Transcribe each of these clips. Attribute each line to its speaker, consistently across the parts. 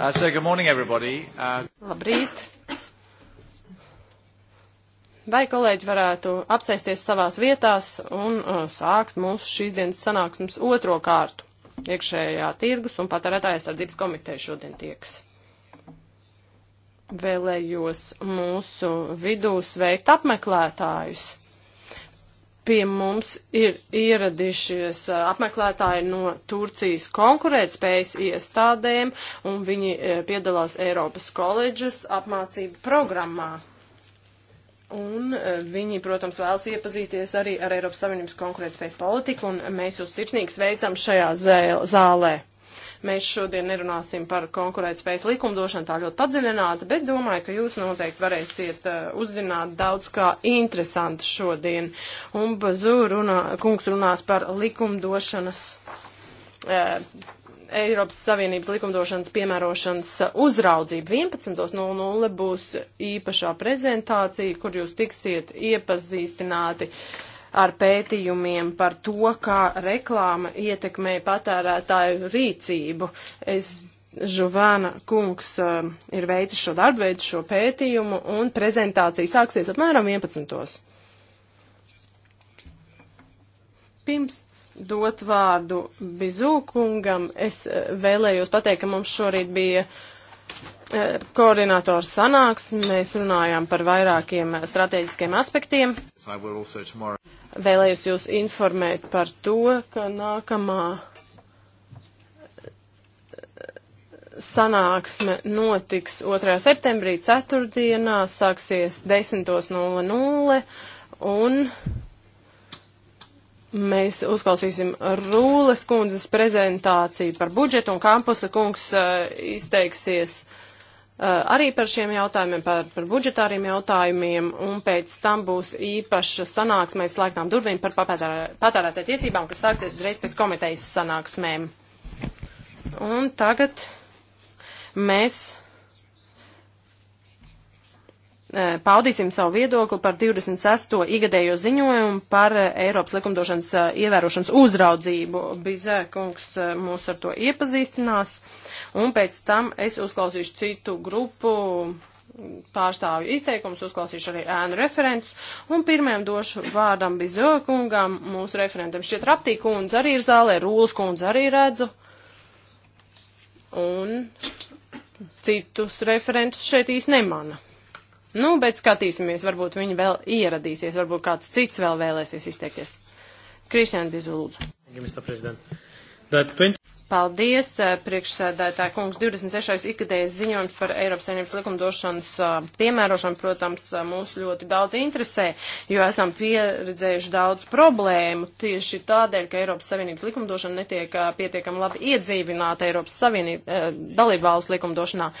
Speaker 1: Uh, so good morning, everybody. Uh...
Speaker 2: Labrīt. Vai kolēģi varētu apsēsties savās vietās un uh, sākt mūsu šīs dienas sanāksmes otro kārtu? Iekšējā tirgus un patērētājas tādzības komiteja šodien tieks vēlējos mūsu vidū sveikt apmeklētājus pie mums ir ieradušies apmeklētāji no Turcijas konkurētspējas iestādēm, un viņi piedalās Eiropas koledžas apmācību programmā. Un viņi, protams, vēlas iepazīties arī ar Eiropas Savienības konkurētspējas politiku, un mēs jūs sirsnīgi sveicam šajā zālē. Mēs šodien nerunāsim par konkurētspējas likumdošanu tā ļoti padziļināti, bet domāju, ka jūs noteikti varēsiet eh, uzzināt daudz kā interesantu šodien. Un Bazū runā, kungs runās par likumdošanas. Eh, Eiropas Savienības likumdošanas piemērošanas uzraudzību 11.00 būs īpašā prezentācija, kur jūs tiksiet iepazīstināti uh, ar pētījumiem par to, kā reklāma ietekmē patērētāju rīcību. Es Žuvāna kungs uh, ir veicis šo darbu, veicis šo pētījumu, un prezentācija sāksies apmēram 11. Pirms dot vārdu Bizūkungam, es uh, vēlējos pateikt, ka mums šorīt bija uh, Eh, koordinātoru sanāksmi, mēs runājām par vairākiem eh, strateģiskiem aspektiem. Vēlējos jūs informēt par to, ka nākamā eh, sanāksme notiks 2. septembrī, 4. dienā, sāksies 10.00 un Mēs uzklausīsim Rūles kundzes prezentāciju par budžetu un kampusa kungs uh, izteiksies uh, Eh, arī par šiem jautājumiem, par, par budžetāriem jautājumiem, un pēc tam būs īpaša sanāksme slēgtām durvīm par patērētāju tiesībām, kas sāksies uzreiz pēc komitejas sanāksmēm. Un tagad mēs eh, paudīsim savu viedokli par 26. igadējo ziņojumu par eh, Eiropas likumdošanas ievērošanas uzraudzību. Bizē kungs mūs ar to iepazīstinās. Uh, Un pēc tam es uzklausīšu citu grupu pārstāvju izteikums, uzklausīšu arī ēnu referentus, un pirmajam došu vārdam Bizoja kungam, mūsu referentam šķiet Raptī kundze arī ir zālē, Rūlas kundze arī redzu, un citus referentus šeit īsti nemana. Nu, bet skatīsimies, varbūt viņi vēl ieradīsies, varbūt kāds cits vēl vēlēsies izteikties. Kristiāna Bizu lūdzu. Paldies, priekšsēdētāja kungs. 26. ikgadējas ziņojums par Eiropas Savienības likumdošanas piemērošanu, protams, mūs ļoti daudz interesē, jo esam pieredzējuši daudz problēmu tieši tādēļ, ka Eiropas Savienības likumdošana netiek pietiekami labi iedzīvināta Eiropas Savienības dalībvalsts likumdošanā.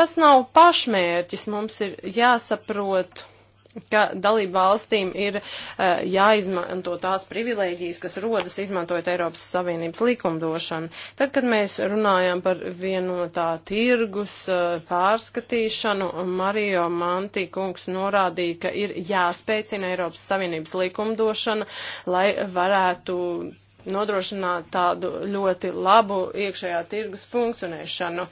Speaker 2: Tas nav pašmērķis, mums ir jāsaprot ka dalību valstīm ir uh, jāizmanto tās privilēģijas, kas rodas izmantojot Eiropas Savienības likumdošanu. Tad, kad mēs runājam par vienotā tirgus uh, pārskatīšanu, Mario Manti kungs norādīja, ka ir jāspēcina Eiropas Savienības likumdošana, lai varētu nodrošināt tādu ļoti labu iekšējā tirgus funkcionēšanu.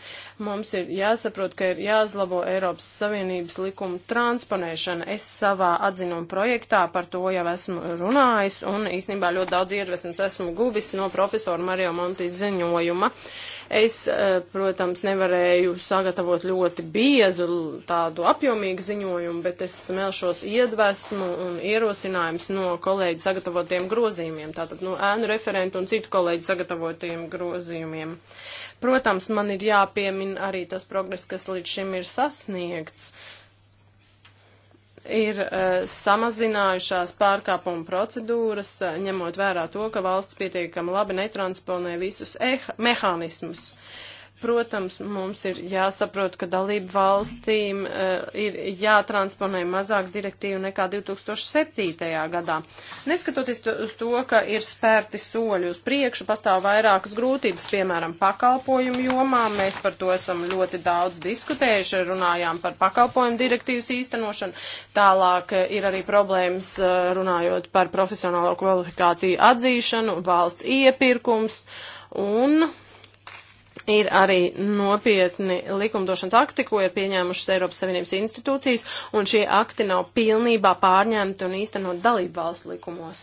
Speaker 2: Mums ir jāsaprot, ka ir jāuzlabo Eiropas Savienības likuma transponēšana. Es savā atzinuma projektā par to jau esmu runājis un īstenībā ļoti daudz iedvesmas esmu guvis no profesora Mario Monti ziņojuma. Uh, Es, eh, protams, nevarēju sagatavot ļoti biezu tādu apjomīgu ziņojumu, bet es smelšos iedvesmu un ierosinājums no kolēģi sagatavotiem grozījumiem, tātad no ēnu referentu un citu kolēģi sagatavotiem grozījumiem. Protams, man ir jāpiemin arī tas progress, kas līdz šim ir sasniegts. Uh, ir uh, samazinājušās pārkāpuma procedūras, uh, ņemot vērā to, ka valsts pietiekami labi netransponē visus eh, mehānismus. Uh, Protams, mums ir jāsaprot, ka dalību valstīm uh, ir jātransponē mazāk direktīvu nekā 2007. gadā. Neskatoties uz to, ka ir spērti soļi uz priekšu, pastāv vairākas grūtības, piemēram, pakalpojumu jomā. Mēs par to esam ļoti daudz diskutējuši, runājām par pakalpojumu direktīvas īstenošanu. Tālāk eh, ir arī problēmas uh, runājot par profesionālo kvalifikāciju atzīšanu, valsts iepirkums un Ir arī nopietni likumdošanas akti, ko ir pieņēmušas Eiropas Savienības institūcijas, un šie akti nav pilnībā pārņemti un īstenot dalību valstu likumos.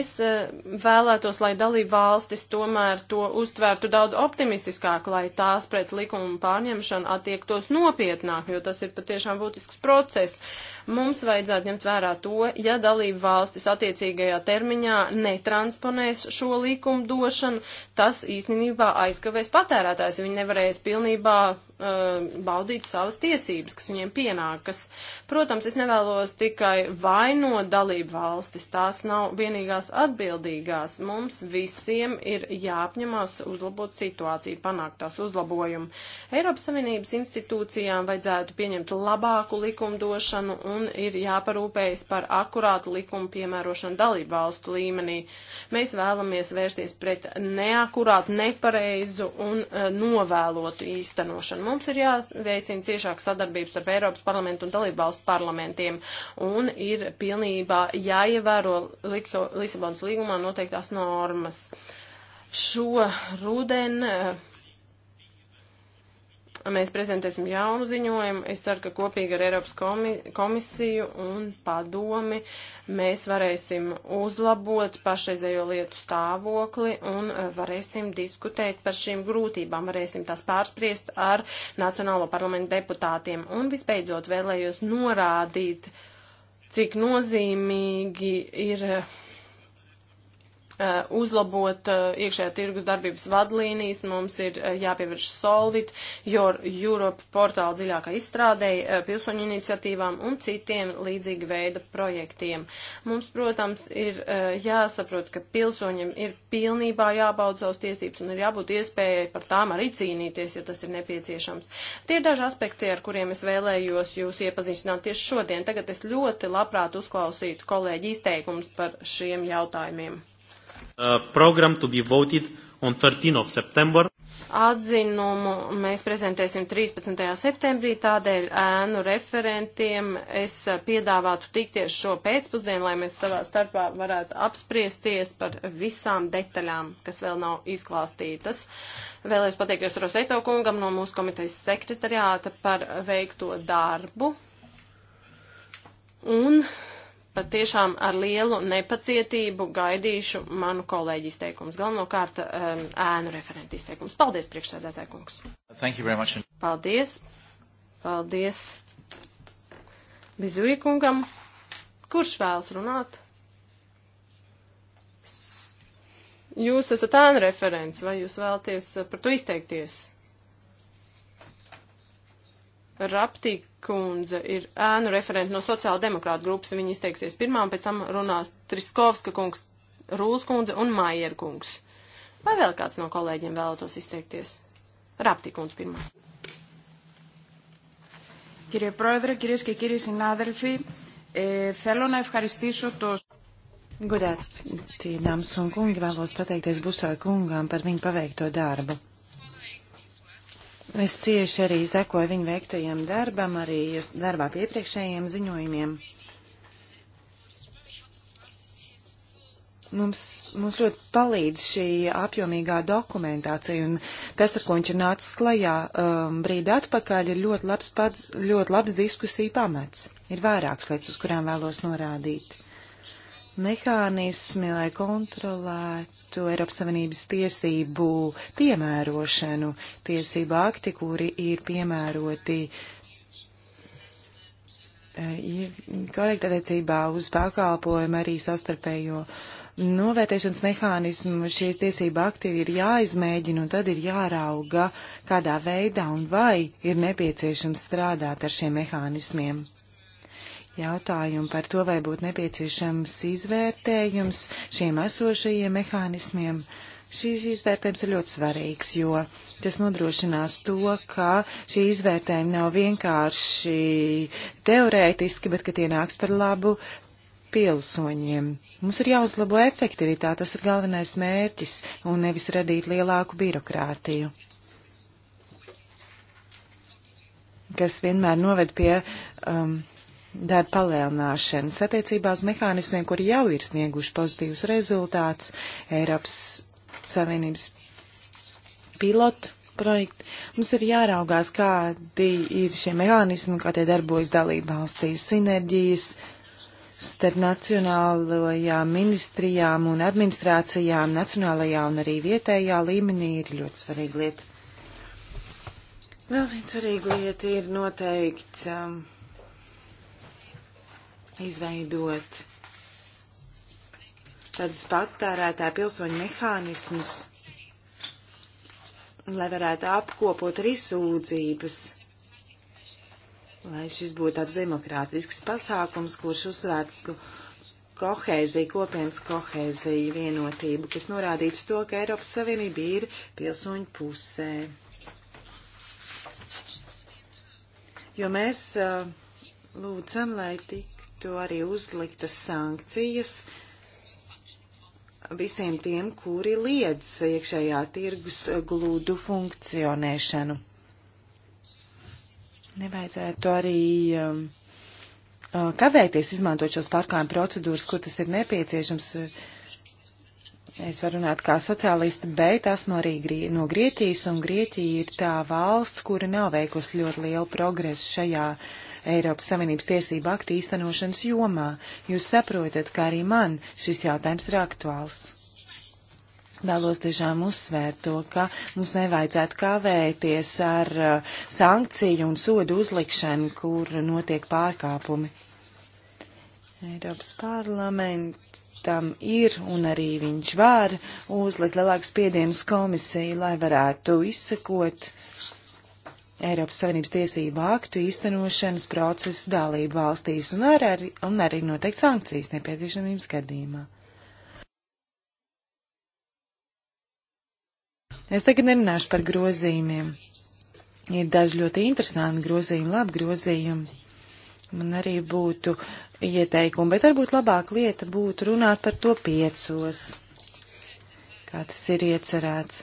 Speaker 2: Es eh, vēlētos, lai dalība valstis tomēr to uztvērtu daudz optimistiskāk, lai tās pret likumu pārņemšanu attiektos nopietnāk, jo tas ir patiešām būtisks process. Uh, Mums vajadzētu ņemt vērā to, ja dalību valstis attiecīgajā termiņā netransponēs šo likumu došanu, tas īstenībā aizkavēs patērētājs, jo viņi nevarēs pilnībā uh, baudīt savas tiesības, kas viņiem pienākas. Protams, es nevēlos tikai vainot dalību valstis, tās nav vienīgās atbildīgās. Mums visiem ir jāapņemās uzlabot situāciju, panākt tās uzlabojumu. Eiropas Savienības institūcijām vajadzētu pieņemt labāku likumdošanu un ir jāparūpējas par akurātu likumu piemērošanu dalību valstu līmenī. Mēs vēlamies vērsties pret neakurātu, nepareizu un uh, novēlotu īstenošanu. Mums ir jāveicina ciešāka sadarbības starp Eiropas parlamentu un dalību valstu parlamentiem un ir pilnībā jāievēro Lisabonas līgumā noteiktās normas. Šo rudenu e, mēs prezentēsim jaunu ziņojumu. Es ceru, ka kopīgi ar Eiropas komi komisiju un padomi mēs varēsim uzlabot pašreizējo lietu stāvokli un eh, varēsim diskutēt par šīm grūtībām, varēsim tās pārspriest ar Nacionālo parlamentu deputātiem. Un visbeidzot vēlējos norādīt, cik nozīmīgi ir eh, Uh, uzlabot uh, iekšējā tirgus darbības vadlīnijas, mums ir uh, jāpievērš Solvit, Your Europe portāla dziļākā izstrādēja pilsoņu iniciatīvām un citiem līdzīga veida projektiem. Mums, protams, ir jāsaprot, ka pilsoņiem ir pilnībā jābauda savas tiesības un ir jābūt iespējai par tām arī cīnīties, ja tas ir nepieciešams. Tie ir daži aspekti, ar kuriem es vēlējos jūs iepazīstināt tieši šodien. Tagad es ļoti labprāt uzklausītu kolēģi izteikums par šiem jautājumiem.
Speaker 3: Uh, Programma to be voted on 13 of September.
Speaker 2: Atzinumu mēs prezentēsim 13. septembrī, tādēļ ēnu referentiem es uh, piedāvātu tikties šo pēcpusdienu, lai mēs savā starpā varētu apspriesties par visām detaļām, kas vēl nav izklāstītas. Vēlēs pateikties Roseto kungam no mūsu komitejas sekretariāta par veikto darbu. Un patiešām ar lielu nepacietību gaidīšu manu kolēģi izteikums, galvenokārt um, ēnu referentu izteikums. Paldies, priekšsēdētāji kungs. Thank you very much. Paldies. Paldies Bizuī kungam. Kurš vēlas runāt? Jūs esat ēnu referents, vai jūs vēlaties par to izteikties? Raptīgi kundze ir ēnu referenta no sociāla demokrāta grupas, viņa izteiksies pirmā, pēc tam runās Triskovska kungs, Rūs kundze un Maier kungs. Vai vēl kāds no kolēģiem vēlētos izteikties?
Speaker 3: Rapti kundze pirmā. Κύριε Πρόεδρε, κυρίες και κύριοι συνάδελφοι, ε, θέλω να ευχαριστήσω το... Godātīnām un kungi vēlos pateikties Busā kungām par viņu paveikto darbu. Es cieši arī sekoju viņu veiktajiem darbam, arī darbā pie iepriekšējiem ziņojumiem. Mums, mums ļoti palīdz šī apjomīgā dokumentācija, un tas, ar ko viņš ir nācis klajā um, brīdi atpakaļ, ir ļoti labs, pats, ļoti labs diskusija pamats. Ir vairākas lietas, uz kurām vēlos norādīt. Mehānismi, lai kontrolētu panāktu Eiropas Savienības tiesību piemērošanu, tiesību akti, kuri ir piemēroti eh, korekta attiecībā uz pakalpojumu arī savstarpējo novērtēšanas mehānismu. Šīs tiesība akti ir jāizmēģina un tad ir jārauga, kādā veidā un vai ir nepieciešams strādāt ar šiem mehānismiem jautājumu par to, vai būtu nepieciešams izvērtējums šiem esošajiem mehānismiem. Šīs izvērtējums ir ļoti svarīgs, jo tas nodrošinās to, ka šī izvērtējuma nav vienkārši teorētiski, bet ka tie nāks par labu pilsoņiem. Mums ir jāuzlabo efektivitāte, tas ir galvenais mērķis, un nevis radīt lielāku birokrātiju. kas vienmēr noved pie um, darba palielināšanas attiecībā uz mehānismiem, kuri jau ir snieguši pozitīvus rezultātus Eiropas Savienības pilotu projektu. Mums ir jāraugās, kādi ir šie mehānismi, kā tie darbojas dalība valstīs, sinerģijas starp nacionālajām ministrijām un administrācijām, nacionālajā un arī vietējā līmenī ir ļoti svarīga lieta. Vēl viena svarīga lieta ir noteikti. Um, izveidot tādus patērētāju pilsoņu mehānismus, lai varētu apkopot arī sūdzības, lai šis būtu tāds demokrātisks pasākums, kurš uzsvērtu kohēziju, kopienas kohēziju, vienotību, kas norādīts to, ka Eiropas Savienība ir pilsoņu pusē. Jo mēs uh, lūdzam, lai tik tiktu arī uzliktas sankcijas visiem tiem, kuri liedz iekšējā tirgus glūdu funkcionēšanu. Nevajadzētu arī um, uh, kavēties izmantot šos pārkājumu procedūras, kur tas ir nepieciešams. Es varu runāt kā sociālisti, bet esmu arī grī, no Grieķijas, un Grieķija ir tā valsts, kura nav veikusi ļoti lielu progresu šajā uh, Eiropas Savienības tiesību aktu īstenošanas jomā. Jūs saprotat, ka arī man šis jautājums ir aktuāls. Vēlos tiešām uzsvērt to, ka mums nevajadzētu kavēties ar uh, sankciju un sodu uzlikšanu, kur notiek pārkāpumi. Eiropas parlaments tam ir un arī viņš var uzlikt lielāku spiedienu uz komisiju, lai varētu izsekot uh, Eiropas Savienības tiesību aktu īstenošanas procesu dalību valstīs un, ar, ar, un arī noteikt sankcijas nepieciešamības gadījumā. Es tagad nerunāšu par grozījumiem. Ir daži ļoti interesanti grozījumi, labi grozījumi. Man arī būtu ieteikumi, bet varbūt labāk lieta būtu runāt par to piecos, kā tas ir iecerēts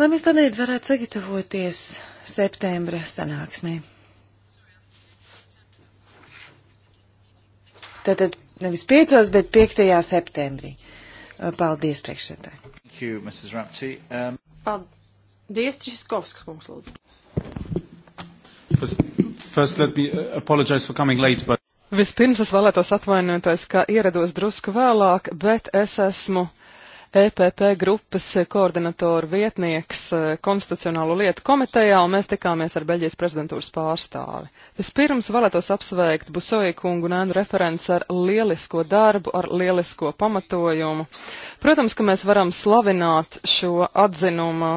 Speaker 3: lai mēs tādēļ varētu sagatavoties septembra sanāksmē. Tātad nevis 5, bet 5. septembrī. Paldies
Speaker 1: priekšsēdētāji. Um...
Speaker 2: Paldies, Triskovska kungs, lūdzu.
Speaker 1: First, first let me uh, apologize for coming late, but.
Speaker 4: Vispirms es vēlētos atvainoties, ka ierados drusku vēlāk, bet es esmu uh, EPP grupas koordinatoru vietnieks e, Konstitucionālo lietu komitejā, un mēs tikāmies ar Beļģijas prezidentūras pārstāvi. Vispirms vēlētos apsveikt Busoju kungu un ēnu referents ar lielisko darbu, ar lielisko pamatojumu. Protams, ka mēs varam slavināt šo atzinumu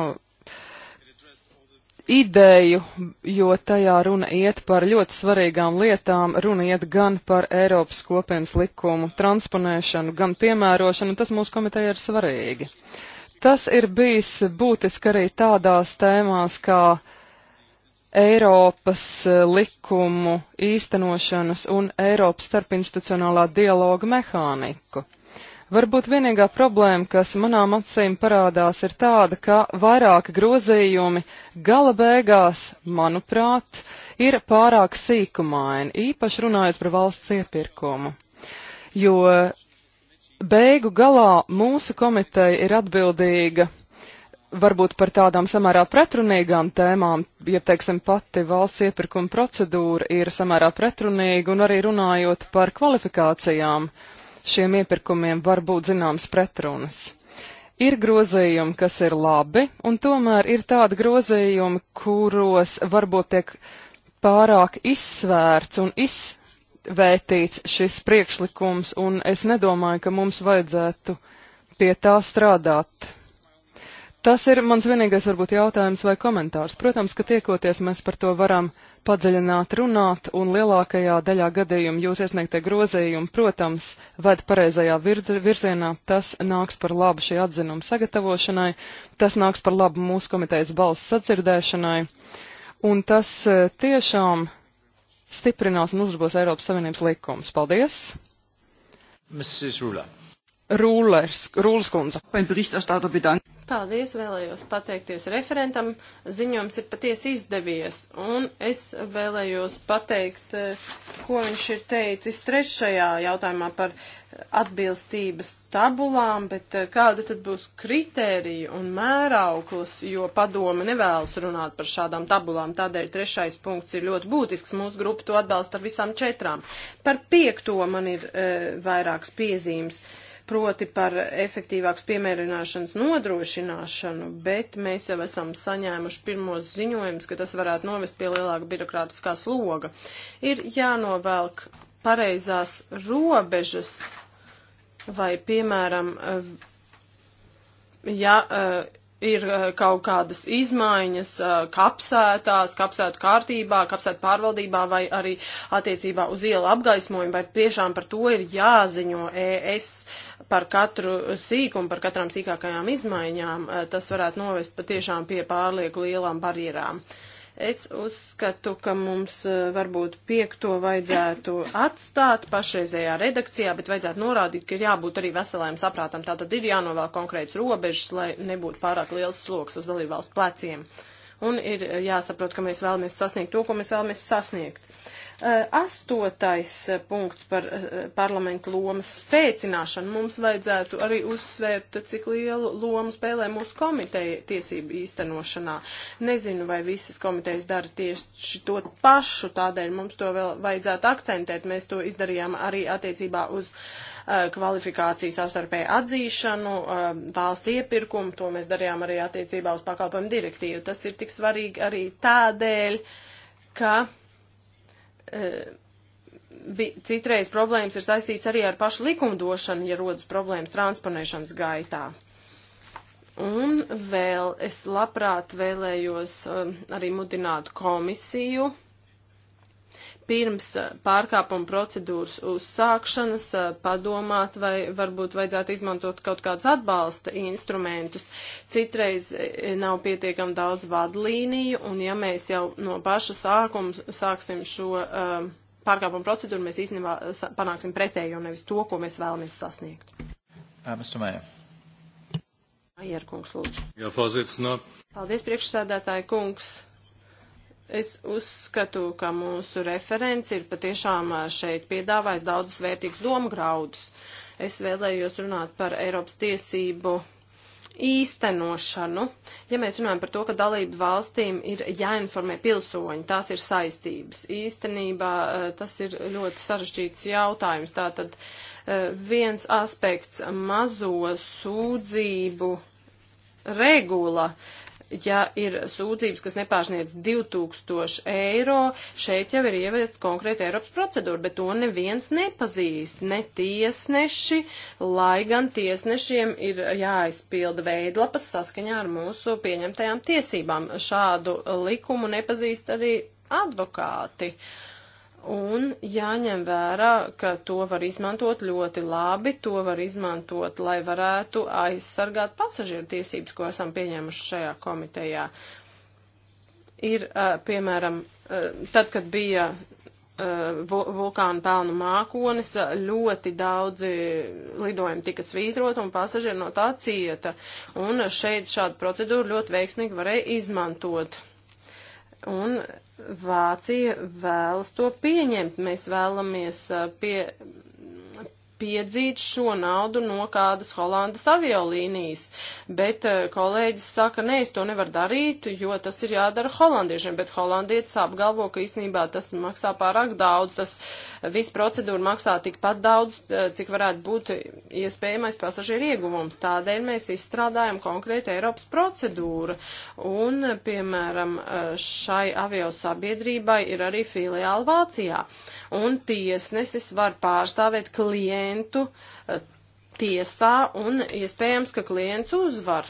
Speaker 4: ideju, jo tajā runa iet par ļoti svarīgām lietām. Runa iet gan par Eiropas kopienas likumu transponēšanu, gan piemērošanu, un tas mūsu komiteja ir svarīgi. Tas ir bijis būtiski arī tādās tēmās kā Eiropas eh, likumu īstenošanas un Eiropas starpinstitucionālā dialoga mehāniku. Varbūt vienīgā problēma, kas manām acīm parādās, ir tāda, ka vairāki grozījumi gala beigās, manuprāt, ir pārāk sīkumaini, īpaši runājot par valsts iepirkumu. Jo beigu galā mūsu komiteja ir atbildīga varbūt par tādām samērā pretrunīgām tēmām, ja, teiksim, pati valsts iepirkuma procedūra ir samērā pretrunīga un arī runājot par kvalifikācijām. Uh, šiem iepirkumiem var būt zināmas pretrunas. Ir grozījumi, kas ir labi, un tomēr ir tādi grozījumi, kuros varbūt tiek pārāk izsvērts un izvērtīts šis priekšlikums, un es nedomāju, ka mums vajadzētu pie tā strādāt. Tas ir mans vienīgais varbūt jautājums vai komentārs. Protams, ka tiekoties mēs par to varam padziļināt runāt, un lielākajā daļā gadījumu jūs iesniegtie grozījumi, protams, ved pareizajā virzienā. Tas nāks par labu šī atzinuma sagatavošanai, tas nāks par labu mūsu komitejas balss sadzirdēšanai, un tas e, tiešām stiprinās un uzlabos Eiropas Savienības likums. Paldies! Mrs. Rūlers, Rūlers kundze.
Speaker 2: Paldies, vēlējos pateikties referentam. Ziņojums ir patiesi izdevies. Un es vēlējos pateikt, eh, ko viņš ir teicis trešajā jautājumā par atbilstības tabulām, bet eh, kāda tad būs kritērija un mērauklis, jo padome nevēlas runāt par šādām tabulām. Tādēļ trešais punkts ir ļoti būtisks. Mūsu grupa to atbalsta ar visām četrām. Par piekto man ir e, vairākas piezīmes. E, proti par efektīvāks piemērināšanas nodrošināšanu, bet mēs jau esam saņēmuši pirmos ziņojumus, ka tas varētu novest pie lielāka birokrātiskā sloga. Ir jānovelk pareizās robežas vai, piemēram, eh, ja eh, ir eh, kaut kādas izmaiņas eh, kapsētās, kapsētu kārtībā, kapsētu pārvaldībā vai arī attiecībā uz ielu apgaismojumu, vai tiešām par to ir jāziņo ES par katru sīkumu, par katrām sīkākajām izmaiņām, eh, tas varētu novest patiešām pie pārlieku lielām barjerām. Uh, Es uzskatu, ka mums e, varbūt piekto vajadzētu atstāt pašreizējā redakcijā, bet vajadzētu norādīt, ka ir jābūt arī veselēm saprātam. Tā tad ir jānovēl konkrēts robežas, lai nebūtu pārāk liels sloks uz dalībvalstu pleciem. Un ir e, jāsaprot, ka mēs vēlamies sasniegt to, ko mēs vēlamies sasniegt. Uh, Eh, astotais eh, punkts par eh, parlamentu lomas spēcināšanu. Mums vajadzētu arī uzsvērt, cik lielu lomu spēlē mūsu komiteja tiesību īstenošanā. Nezinu, vai visas komitejas dara tieši to pašu, tādēļ mums to vēl vajadzētu akcentēt. Mēs to izdarījām arī attiecībā uz kvalifikāciju savstarpēju atzīšanu, valsts iepirkumu, to mēs darījām arī attiecībā uz pakalpojumu direktīvu. Tas ir tik svarīgi arī tādēļ, ka E, citreiz problēmas ir saistīts arī ar pašu likumdošanu, ja rodas problēmas transponēšanas gaitā. Un vēl es labprāt vēlējos e, arī mudināt komisiju pirms eh, pārkāpuma procedūras uzsākšanas eh, padomāt, vai varbūt vajadzētu izmantot kaut kādus atbalsta instrumentus. Citreiz eh, nav pietiekami daudz vadlīniju, un ja mēs jau no paša sākuma sāksim šo um, pārkāpuma procedūru, mēs īstenībā panāksim pretējo, nevis to, ko mēs vēlamies sasniegt. Aierkungs, uh, lūdzu.
Speaker 1: Jā,
Speaker 2: Paldies, priekšsēdētāji kungs. Es uzskatu, ka mūsu referents ir patiešām šeit piedāvājis daudzus vērtīgus domgraudus. Es vēlējos runāt par Eiropas tiesību īstenošanu. Ja mēs runājam par to, ka dalību valstīm ir jāinformē pilsoņi, tās ir saistības. Īstenībā tas ir ļoti sarežģīts jautājums. Tātad viens aspekts mazo sūdzību regula. Uh, ja ir sūdzības, kas nepārsniec 2000 eiro, šeit jau ir ieviest konkrēta Eiropas procedūra, bet to neviens nepazīst, ne tiesneši, lai gan tiesnešiem ir jāizpilda veidlapas saskaņā ar mūsu pieņemtajām tiesībām. Šādu likumu nepazīst arī advokāti. Uh, Un jāņem vērā, ka to var izmantot ļoti labi, to var izmantot, lai varētu aizsargāt pasažieru tiesības, ko esam pieņēmuši šajā komitejā. Ir, piemēram, tad, kad bija vulkāna pelnu mākonis, ļoti daudzi lidojumi tika svītrot un pasažieri no tā cieta. Un šeit šādu procedūru ļoti veiksmīgi varēja izmantot un Vācija vēlas to pieņemt. Mēs vēlamies uh, pie, piedzīt šo naudu no kādas Holandas aviolīnijas, bet uh, kolēģis saka, nē, es to nevaru darīt, jo tas ir jādara holandiešiem, bet holandietis apgalvo, ka īstenībā tas maksā pārāk daudz, tas uh, visa procedūra maksā tikpat daudz, eh, cik varētu būt iespējamais pasažieru ieguvums. Tādēļ mēs izstrādājam konkrēti Eiropas procedūru. Un, piemēram, eh, šai avio sabiedrībai ir arī filiāli Vācijā. Un tiesnesis var pārstāvēt klientu eh, tiesā un iespējams, ka klients uzvar.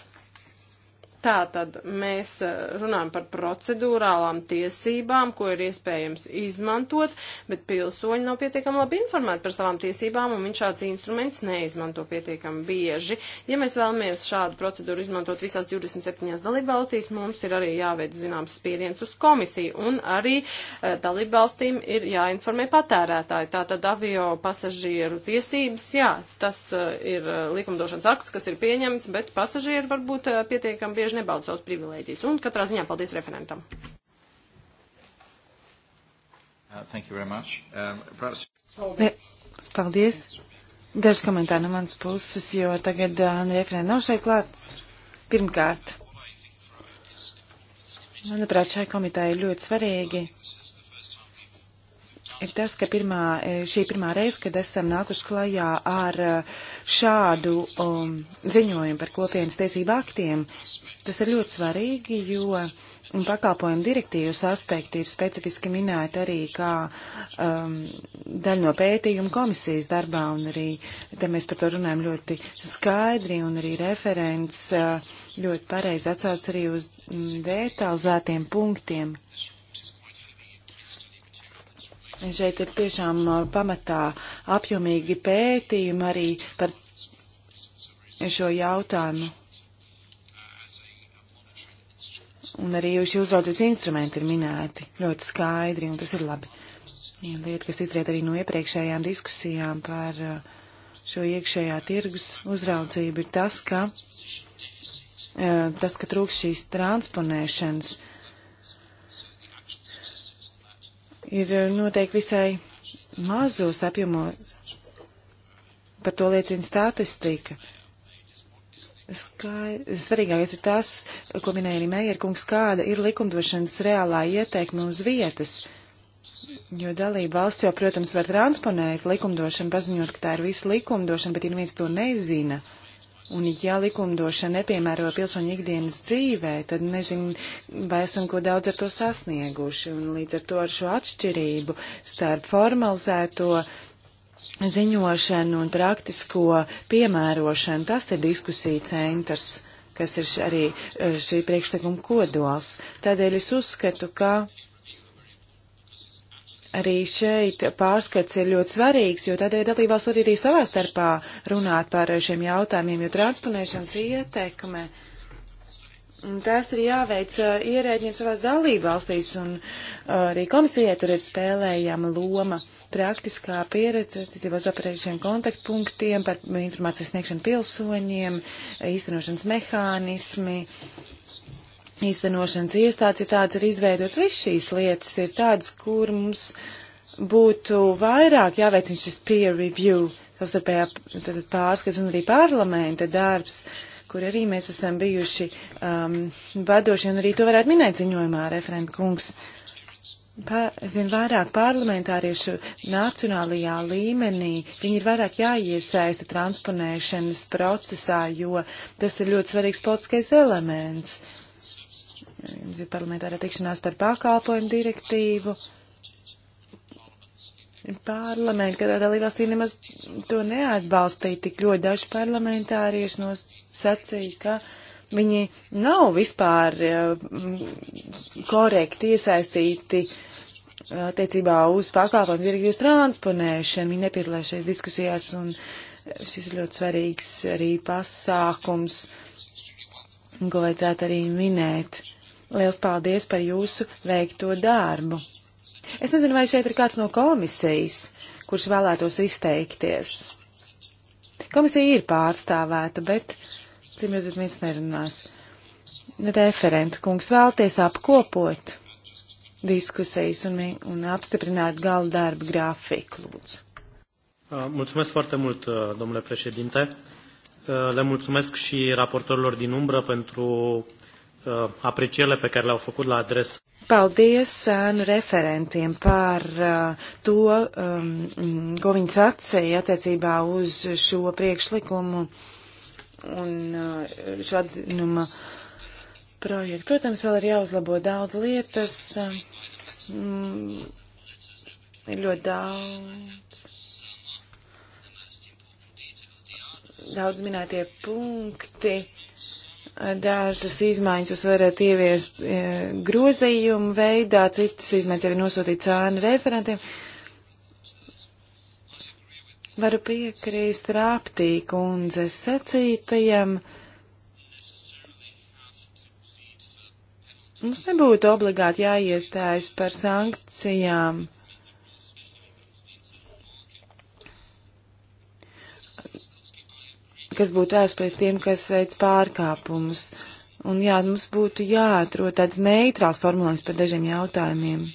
Speaker 2: Tātad mēs eh, runājam par procedūrālām tiesībām, ko ir iespējams izmantot, bet pilsoņi nav pietiekami labi informēti par savām tiesībām, un viņš šāds instruments neizmanto pietiekami bieži. Ja mēs vēlamies šādu procedūru izmantot visās 27 dalībvalstīs, mums ir arī jāveic zināms spiediens uz komisiju, un arī e, dalībvalstīm ir jāinformē patērētāji. Tātad avio pasažieru tiesības, jā, tas e, ir likumdošanas akts, kas ir pieņemts, bet pasažieri varbūt e, pietiekami bieži bieži nebauda savas privilēģijas. Un katrā ziņā
Speaker 3: paldies referentam.
Speaker 1: Uh, thank you very much. Um, perhaps... Eh,
Speaker 3: paldies. Dažs komentāri no manas puses, jo tagad uh, nu, referenta nav šeit klāt. Pirmkārt, manuprāt, šai komitē ir ļoti svarīgi ir tas, ka pirmā, e, šī pirmā reize, kad esam nākuši klajā ar e, šādu um, ziņojumu par kopienas tiesību aktiem, tas ir ļoti svarīgi, jo pakalpojumu direktīvas aspekti ir specifiski minēti arī kā um, daļa no pētījuma komisijas darbā, un arī te mēs par to runājam ļoti skaidri, un arī referents uh, ļoti pareizi atsauc arī uz detalizētiem punktiem. Uh, Šeit ir tiešām uh, pamatā apjomīgi pētījumi arī par šo jautājumu. Un arī šī uzraudzības instrumenti ir minēti ļoti skaidri, un tas ir labi. Viena lieta, kas izriet arī no iepriekšējām diskusijām par uh, šo iekšējā tirgus uzraudzību, ir tas, ka, uh, tas, ka trūks šīs transponēšanas ir eh, noteikti visai mazos apjomos. Par to liecina statistika. Skai, svarīgākais ir tas, ko minēja arī Meierkungs, kāda ir likumdošanas reālā ieteikme uz vietas. Jo dalība valsts jau, protams, var transponēt likumdošanu, paziņot, ka tā ir visu likumdošana, bet ja neviens to nezina, uh, Un ja likumdošana nepiemēro pilsoņu ikdienas dzīvē, tad nezinu, vai esam ko daudz ar to sasnieguši. Un līdz ar to ar šo atšķirību starp formalizēto ziņošanu un praktisko piemērošanu, tas ir diskusija centrs, kas ir arī šī priekšlikuma kodols. Tādēļ es uzskatu, ka Arī šeit pārskats ir ļoti svarīgs, jo tādēļ dalībās var arī savā starpā runāt par šiem jautājumiem, jo transponēšanas ietekme. Tas ir jāveic uh, ierēģiem savās dalībvalstīs, un uh, arī komisijai tur ir spēlējama loma praktiskā pieredze, attiecībā uz operējušiem kontaktpunktiem, par informācijas sniegšanu pilsoņiem, īstenošanas mehānismi, uh, īstenošanas iestādes ir tāds, ir izveidots. Viss šīs lietas ir tādas, kur mums būtu vairāk jāveicina šis peer review, savstarpējā pārskats un arī parlamenta darbs, kur arī mēs esam bijuši um, vadošie, un arī to varētu minēt ziņojumā, referent kungs. Pa, zin, vairāk parlamentāriešu nacionālajā līmenī, viņi ir vairāk jāiesaista transponēšanas procesā, jo tas ir ļoti svarīgs politiskais elements. Uh, Jums ir parlamentārā tikšanās par pakalpojumu direktīvu. Parlamenti, katrā dalībvalstī nemaz to neatbalstīja tik ļoti daži parlamentārieši nosacīja, ka viņi nav vispār eh, korekti iesaistīti eh, attiecībā uz pakalpojumu direktīvas transponēšanu. Viņi nepiedalās šajās diskusijās un eh, šis ir ļoti svarīgs arī pasākums, ko vajadzētu arī minēt. Liels paldies par jūsu veikto darbu. Es nezinu, vai šeit ir kāds no komisijas, kurš vēlētos izteikties. Komisija ir pārstāvēta, bet cim jūs viens nerunās. Referentu kungs vēlties apkopot diskusijas un, un apstiprināt galda darba grafiku, lūdzu.
Speaker 2: Uh, mulțumesc foarte mult, uh, domnule președinte. Uh,
Speaker 4: le mulțumesc și raportorilor din umbră pentru uh, aprecierile pe care le-au făcut la adres.
Speaker 3: Paldies sēnu referentiem par uh, to, um, ko viņi sacīja attiecībā uz šo priekšlikumu un uh, šo atzinuma projektu. Protams, vēl ir jāuzlabo daudz lietas. Um, ir ļoti daudz. Daudz minētie punkti Dažas izmaiņas jūs varat ieviest e, grozījumu veidā, citas izmaiņas arī nosūtīt cēnu referentiem. Varu piekrīst rāptī kundzes sacītajam. Mums nebūtu obligāti jāiestājas par sankcijām. kas būtu vērsts pret tiem, kas veic pārkāpumus. Un jā, mums būtu jāatrod tāds neitrāls formulējums par dažiem jautājumiem.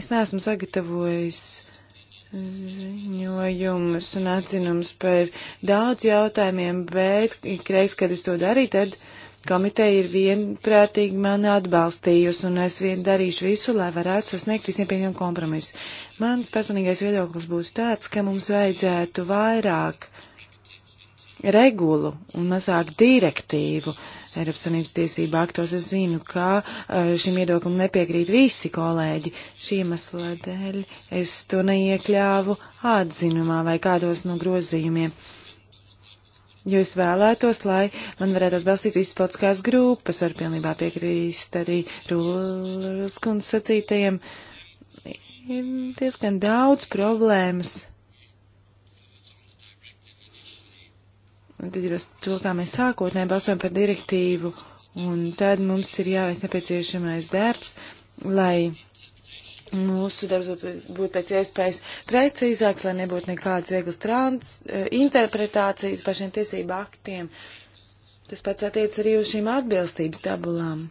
Speaker 3: Es neesmu sagatavojis ziņojumus un atzinums par daudz jautājumiem, bet ikreiz, kad es to darīju, tad komiteja ir vienprātīgi mani atbalstījusi, un es vien darīšu visu, lai varētu sasniegt visiem pieņem kompromisu. Mans personīgais viedoklis būtu tāds, ka mums vajadzētu vairāk regulu un mazāk direktīvu Eiropas Savienības tiesību aktos. Es zinu, ka e, šim iedoklim nepiekrīt visi kolēģi. Šī iemesla dēļ es to neiekļāvu atzinumā vai kādos no grozījumiem. Jo es vēlētos, lai man varētu atbalstīt visas politiskās grupas, var pilnībā piekrīst arī Rūlas kundzes sacītajiem. Ir diezgan daudz problēmas Un tad ir uz to, kā mēs sākotnēji balsojam par direktīvu, un tad mums ir jāveic nepieciešamais darbs, lai mūsu darbs būtu būt pēc iespējas precīzāks, lai nebūtu nekādas vieglas trans, eh, interpretācijas pašiem tiesību aktiem. Tas pats attiec arī uz šīm atbilstības tabulām.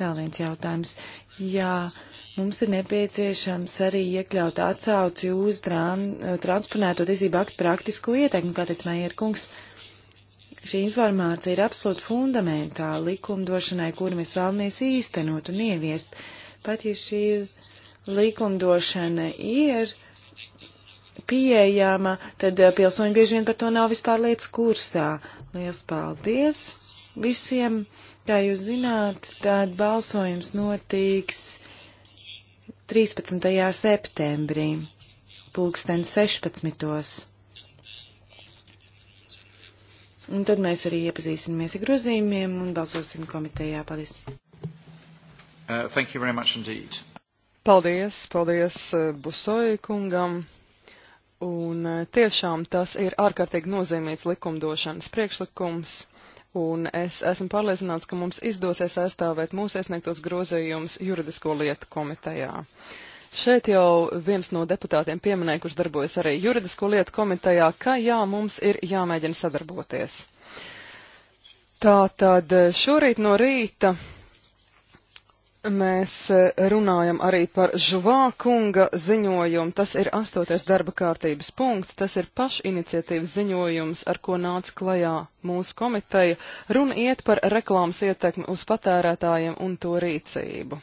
Speaker 3: Vēl viens jautājums. Jā. Ja Mums ir nepieciešams arī iekļaut atsauci uz transponēto tiesību aktu praktisko ieteikumu, kā teica Maier kungs. Šī informācija ir absolūti fundamentāla likumdošanai, kuru mēs vēlamies īstenot un ieviest. Pat ja šī likumdošana ir pieejama, tad eh, pilsoņi bieži vien par to nav vispār lietas kursā. Lielas paldies visiem! Kā jūs zināt, tad balsojums notiks 13. septembrī, pulksten 16. Un tad mēs arī iepazīsimies ar grozījumiem un balsosim komitejā. Paldies!
Speaker 1: Uh, thank you very much indeed.
Speaker 3: Paldies,
Speaker 4: paldies uh, Busoja kungam. Un uh, tiešām tas ir ārkārtīgi nozīmīgs likumdošanas priekšlikums un es esmu pārliecināts, ka mums izdosies aizstāvēt mūsu iesniegtos grozījumus juridisko lietu komitejā. Šeit jau viens no deputātiem pieminēja, kurš darbojas arī juridisko lietu komitejā, ka jā, mums ir jāmēģina sadarboties. Tā tad šorīt no rīta Mēs eh, runājam arī par Žuvā kunga ziņojumu. Tas ir astoties darba kārtības punkts. Tas ir pašiniciatīvas ziņojums, ar ko nāca klajā mūsu komiteja. Runa iet par reklāmas ietekmi uz patērētājiem un to rīcību.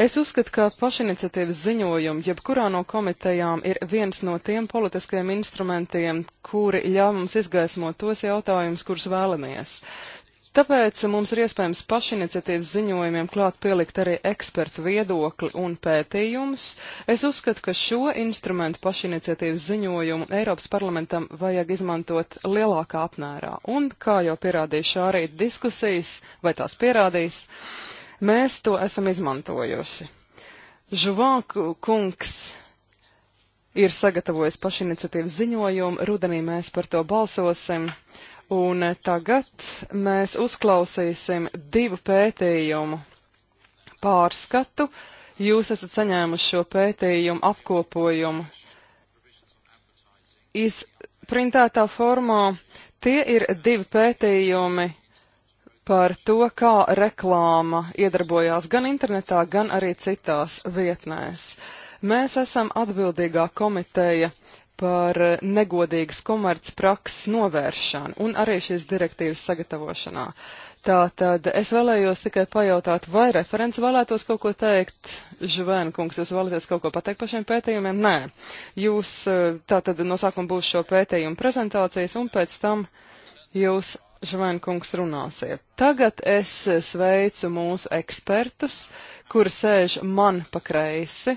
Speaker 4: Es uzskatu, ka pašiniciatīvas ziņojumi jebkurā no komitejām ir viens no tiem politiskajiem instrumentiem, kuri ļauj mums izgaismot tos jautājumus, kurus vēlamies. Tāpēc mums ir iespējams pašiniciatīvas ziņojumiem klāt pielikt arī ekspertu viedokli un pētījumus. Es uzskatu, ka šo instrumentu pašiniciatīvas ziņojumu Eiropas parlamentam vajag izmantot lielākā apmērā. Un, kā jau pierādīja šā rīta diskusijas, vai tās pierādīs, mēs to esam izmantojuši. Žuvāku kungs ir sagatavojis pašiniciatīvas ziņojumu, rudenī mēs par to balsosim. Uh, Un tagad mēs uzklausīsim divu pētījumu pārskatu. Jūs esat saņēmuši šo pētījumu apkopojumu izprintētā formā. Tie ir divi pētījumi par to, kā reklāma iedarbojās gan internetā, gan arī citās vietnēs. Mēs esam atbildīgā komiteja par negodīgas komercprakses novēršanu un arī šīs direktīvas sagatavošanā. Tātad es vēlējos tikai pajautāt, vai referents vēlētos kaut ko teikt, Žuvēna kungs, jūs vēlaties kaut ko pateikt par šiem pētījumiem? Nē. Jūs e, tātad no sākuma būs šo pētījumu prezentācijas un pēc tam jūs, Žuvēna kungs, runāsiet. Tagad es sveicu mūsu ekspertus, kuri sēž man pa kreisi,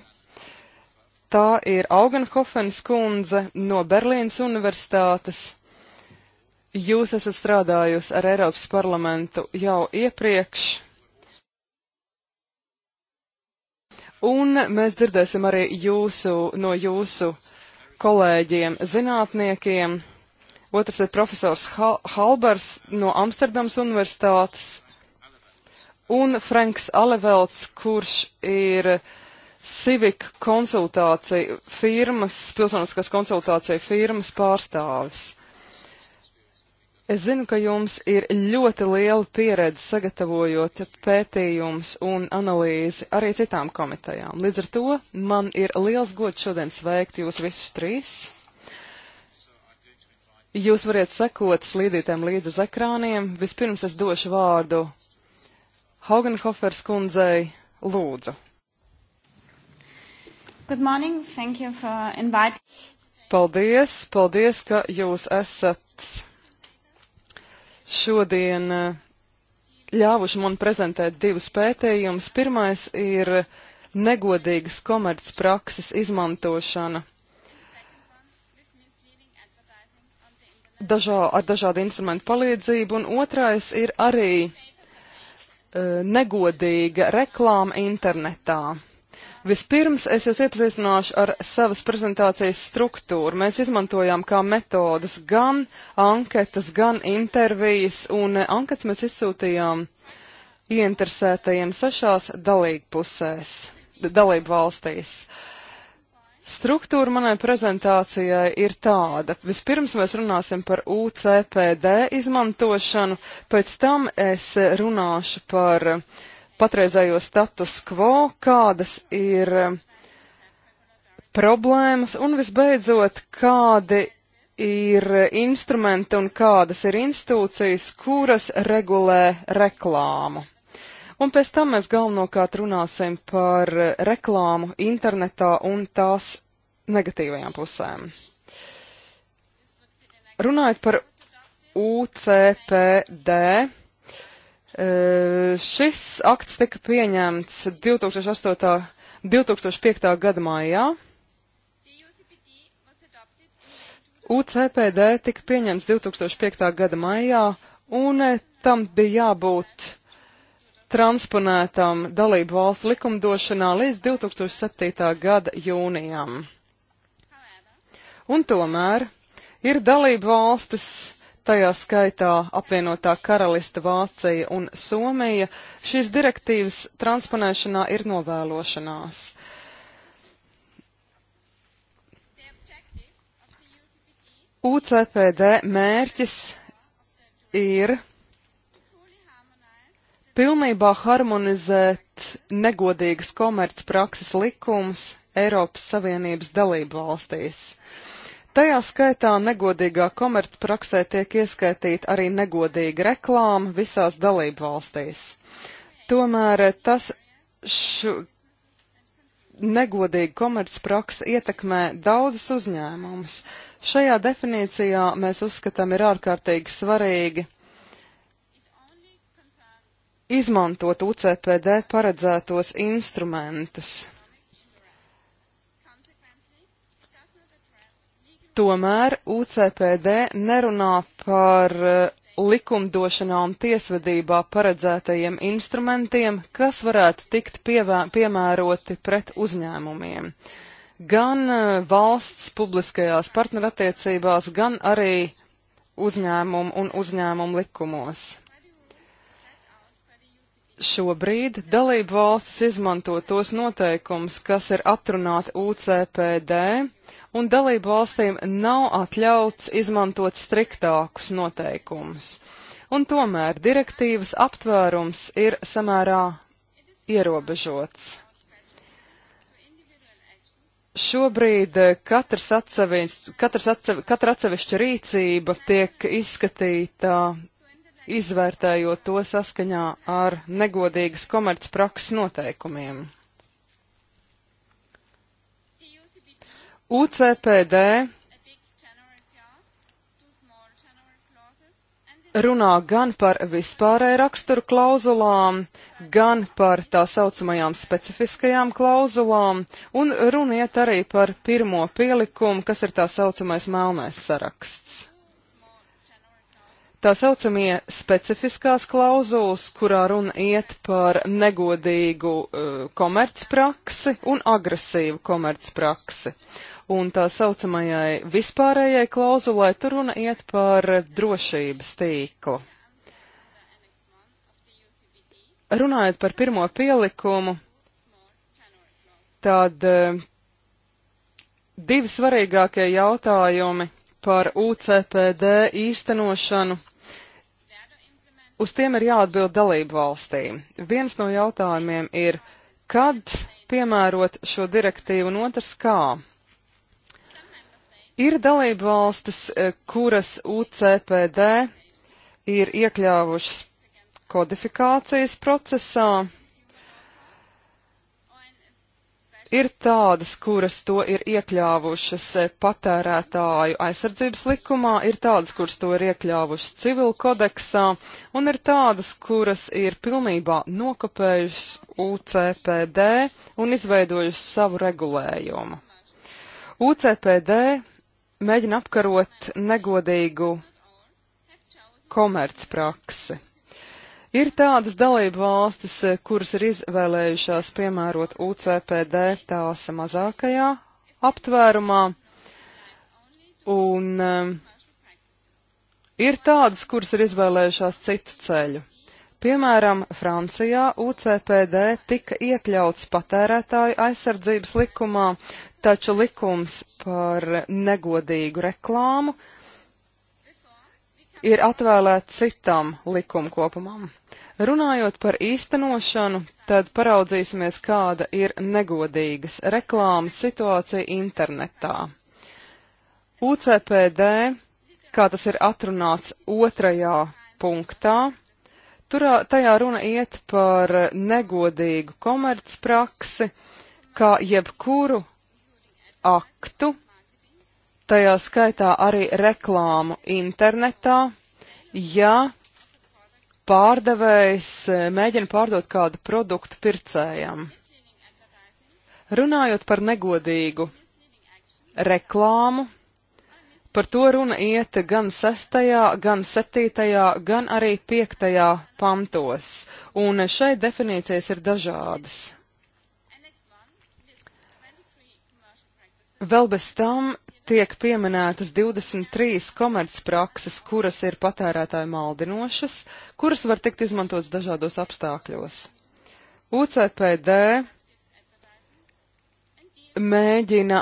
Speaker 4: Tā ir Augenhofens kundze no Berlīnas universitātes. Jūs esat strādājusi ar Eiropas parlamentu jau iepriekš. Un mēs dzirdēsim arī jūsu, no jūsu kolēģiem zinātniekiem. Otrs ir profesors Hal Halbers no Amsterdams universitātes. Un Franks Alevelts, kurš ir uh, Civic konsultācija firmas, pilsoniskās konsultācija firmas pārstāvis. Es zinu, ka jums ir ļoti liela pieredze sagatavojot pētījums un analīzi arī citām komitejām. Līdz ar to man ir liels gods šodien sveikt jūs visus trīs. Jūs variet sekot slīdītēm līdz uz ekrāniem. Vispirms es došu vārdu Haugenhofers kundzei Lūdzu.
Speaker 3: Good morning. Thank you for inviting.
Speaker 4: Paldies, paldies, ka jūs esat šodien eh, ļāvuši man prezentēt divus pētījumus. Pirmais ir negodīgas komercprakses izmantošana dažā, ar dažādu instrumentu palīdzību, un otrais ir arī e, negodīga reklāma internetā. Vispirms es jūs iepazīstināšu ar savas prezentācijas struktūru. Mēs izmantojām kā metodas gan anketas, gan intervijas, un anketas mēs izsūtījām ieinteresētajiem sešās dalību pusēs, dalību valstīs. Struktūra manai prezentācijai ir tāda. Vispirms mēs runāsim par UCPD izmantošanu, pēc tam es runāšu par uh, patreizējo status quo, kādas ir eh, problēmas un visbeidzot, kādi ir instrumenti un kādas ir institūcijas, kuras regulē reklāmu. Un pēc tam mēs galvenokārt runāsim par reklāmu internetā un tās negatīvajām pusēm. Runājot par UCPD, Šis akts tika pieņemts 2008, 2005. gada maijā. UCPD tika pieņemts 2005. gada maijā, un tam bija jābūt transponētam dalību valsts likumdošanā līdz 2007. gada jūnijam. Un tomēr ir dalību valstis, tajā skaitā apvienotā karalista Vācija un Somija, šīs direktīvas transponēšanā ir novēlošanās. UCPD mērķis ir pilnībā harmonizēt negodīgas komercprakses likums Eiropas Savienības dalību valstīs. Uh, Tajā skaitā negodīgā komercpraksē tiek ieskaitīta arī negodīga reklāma visās dalību valstīs. Tomēr tas šu, negodīga komercpraksa ietekmē daudzas uzņēmumus. Šajā definīcijā mēs uzskatām ir ārkārtīgi svarīgi izmantot UCPD paredzētos instrumentus Tomēr UCPD nerunā par eh, likumdošanā un tiesvedībā paredzētajiem instrumentiem, kas varētu tikt pievē, piemēroti pret uzņēmumiem. Gan eh, valsts publiskajās partnerattiecībās, gan arī uzņēmumu un uzņēmumu likumos. Šobrīd dalību valstis izmanto tos noteikums, kas ir atrunāti UCPD, un dalību valstīm nav atļauts izmantot striktākus noteikumus. Un tomēr direktīvas aptvērums ir samērā ierobežots. Šobrīd eh, katrs atsevišķi, katrs atsevi, katra atsevišķa rīcība tiek izskatīta izvērtējot to saskaņā ar negodīgas komercprakses noteikumiem. UCPD runā gan par vispārēju raksturu klauzulām, gan par tā saucamajām specifiskajām klauzulām, un runiet arī par pirmo pielikumu, kas ir tā saucamais melnais saraksts. Tā saucamie specifiskās klauzulas, kurā runa iet par negodīgu uh, komercpraksi un agresīvu komercpraksi. Uh, un tā saucamajai vispārējai klauzulai tur runa iet par drošības tīklu. Runājot par pirmo pielikumu, tad eh, divi svarīgākie jautājumi par UCPD īstenošanu. Uz tiem ir jāatbild dalību valstīm. Viens no jautājumiem ir, kad piemērot šo direktīvu, un otrs kā. Ir dalība valstis, e, kuras UCPD ir iekļāvušas kodifikācijas procesā. Ir tādas, kuras to ir iekļāvušas e, patērētāju aizsardzības likumā, ir tādas, kuras to ir iekļāvušas civilu kodeksā, un ir tādas, kuras ir pilnībā nokopējušas UCPD un izveidojušas savu regulējumu. UCPD mēģina apkarot negodīgu komercpraksi. Ir tādas dalību valstis, kuras ir izvēlējušās piemērot UCPD tās mazākajā aptvērumā, un um, ir tādas, kuras ir izvēlējušās citu ceļu. Piemēram, Francijā UCPD tika iekļauts patērētāju aizsardzības likumā, taču likums par negodīgu reklāmu ir atvēlēts citam likumkopumam. Runājot par īstenošanu, tad paraudzīsimies, kāda ir negodīgas reklāmas situācija internetā. UCPD, kā tas ir atrunāts otrajā punktā, turā, tajā runa iet par negodīgu komercpraksi, kā jebkuru aktu, tajā skaitā arī reklāmu internetā, ja pārdevējs e, mēģina pārdot kādu produktu pircējam. Runājot par negodīgu reklāmu, par to runa iet gan sestajā, gan septītajā, gan arī piektajā pantos, un šeit definīcijas ir dažādas. Vēl bez tam tiek pieminētas 23 komercprakses, kuras ir patērētāju maldinošas, kuras var tikt izmantotas dažādos apstākļos. UCPD mēģina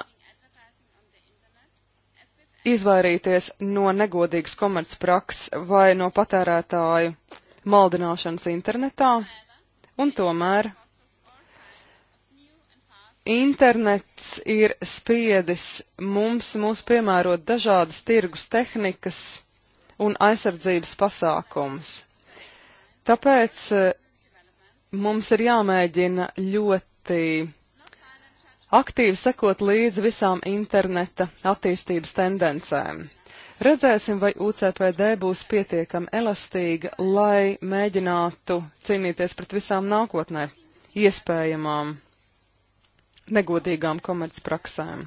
Speaker 4: izvairīties no negodīgas komercprakses vai no patērētāju maldināšanas internetā, un tomēr Internets ir spiedis mums, mums piemērot dažādas tirgus tehnikas un aizsardzības pasākums. Tāpēc eh, mums ir jāmēģina ļoti aktīvi sekot līdzi visām interneta attīstības tendencēm. Redzēsim, vai UCPD būs pietiekami elastīga, lai mēģinātu cīnīties pret visām nākotnē iespējamām negodīgām komercpraksēm.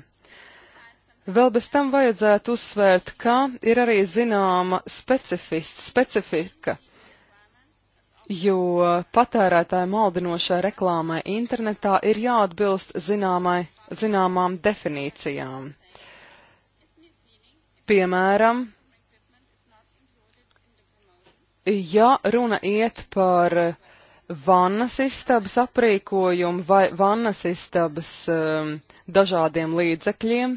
Speaker 4: Vēl bez tam vajadzētu uzsvērt, ka ir arī zināma specifika, jo patērētāja maldinošai reklāmai internetā ir jāatbilst zināmai, zināmām definīcijām. Piemēram, ja runa iet par vannas istabas aprīkojumu vai vannas istabas um, dažādiem līdzekļiem,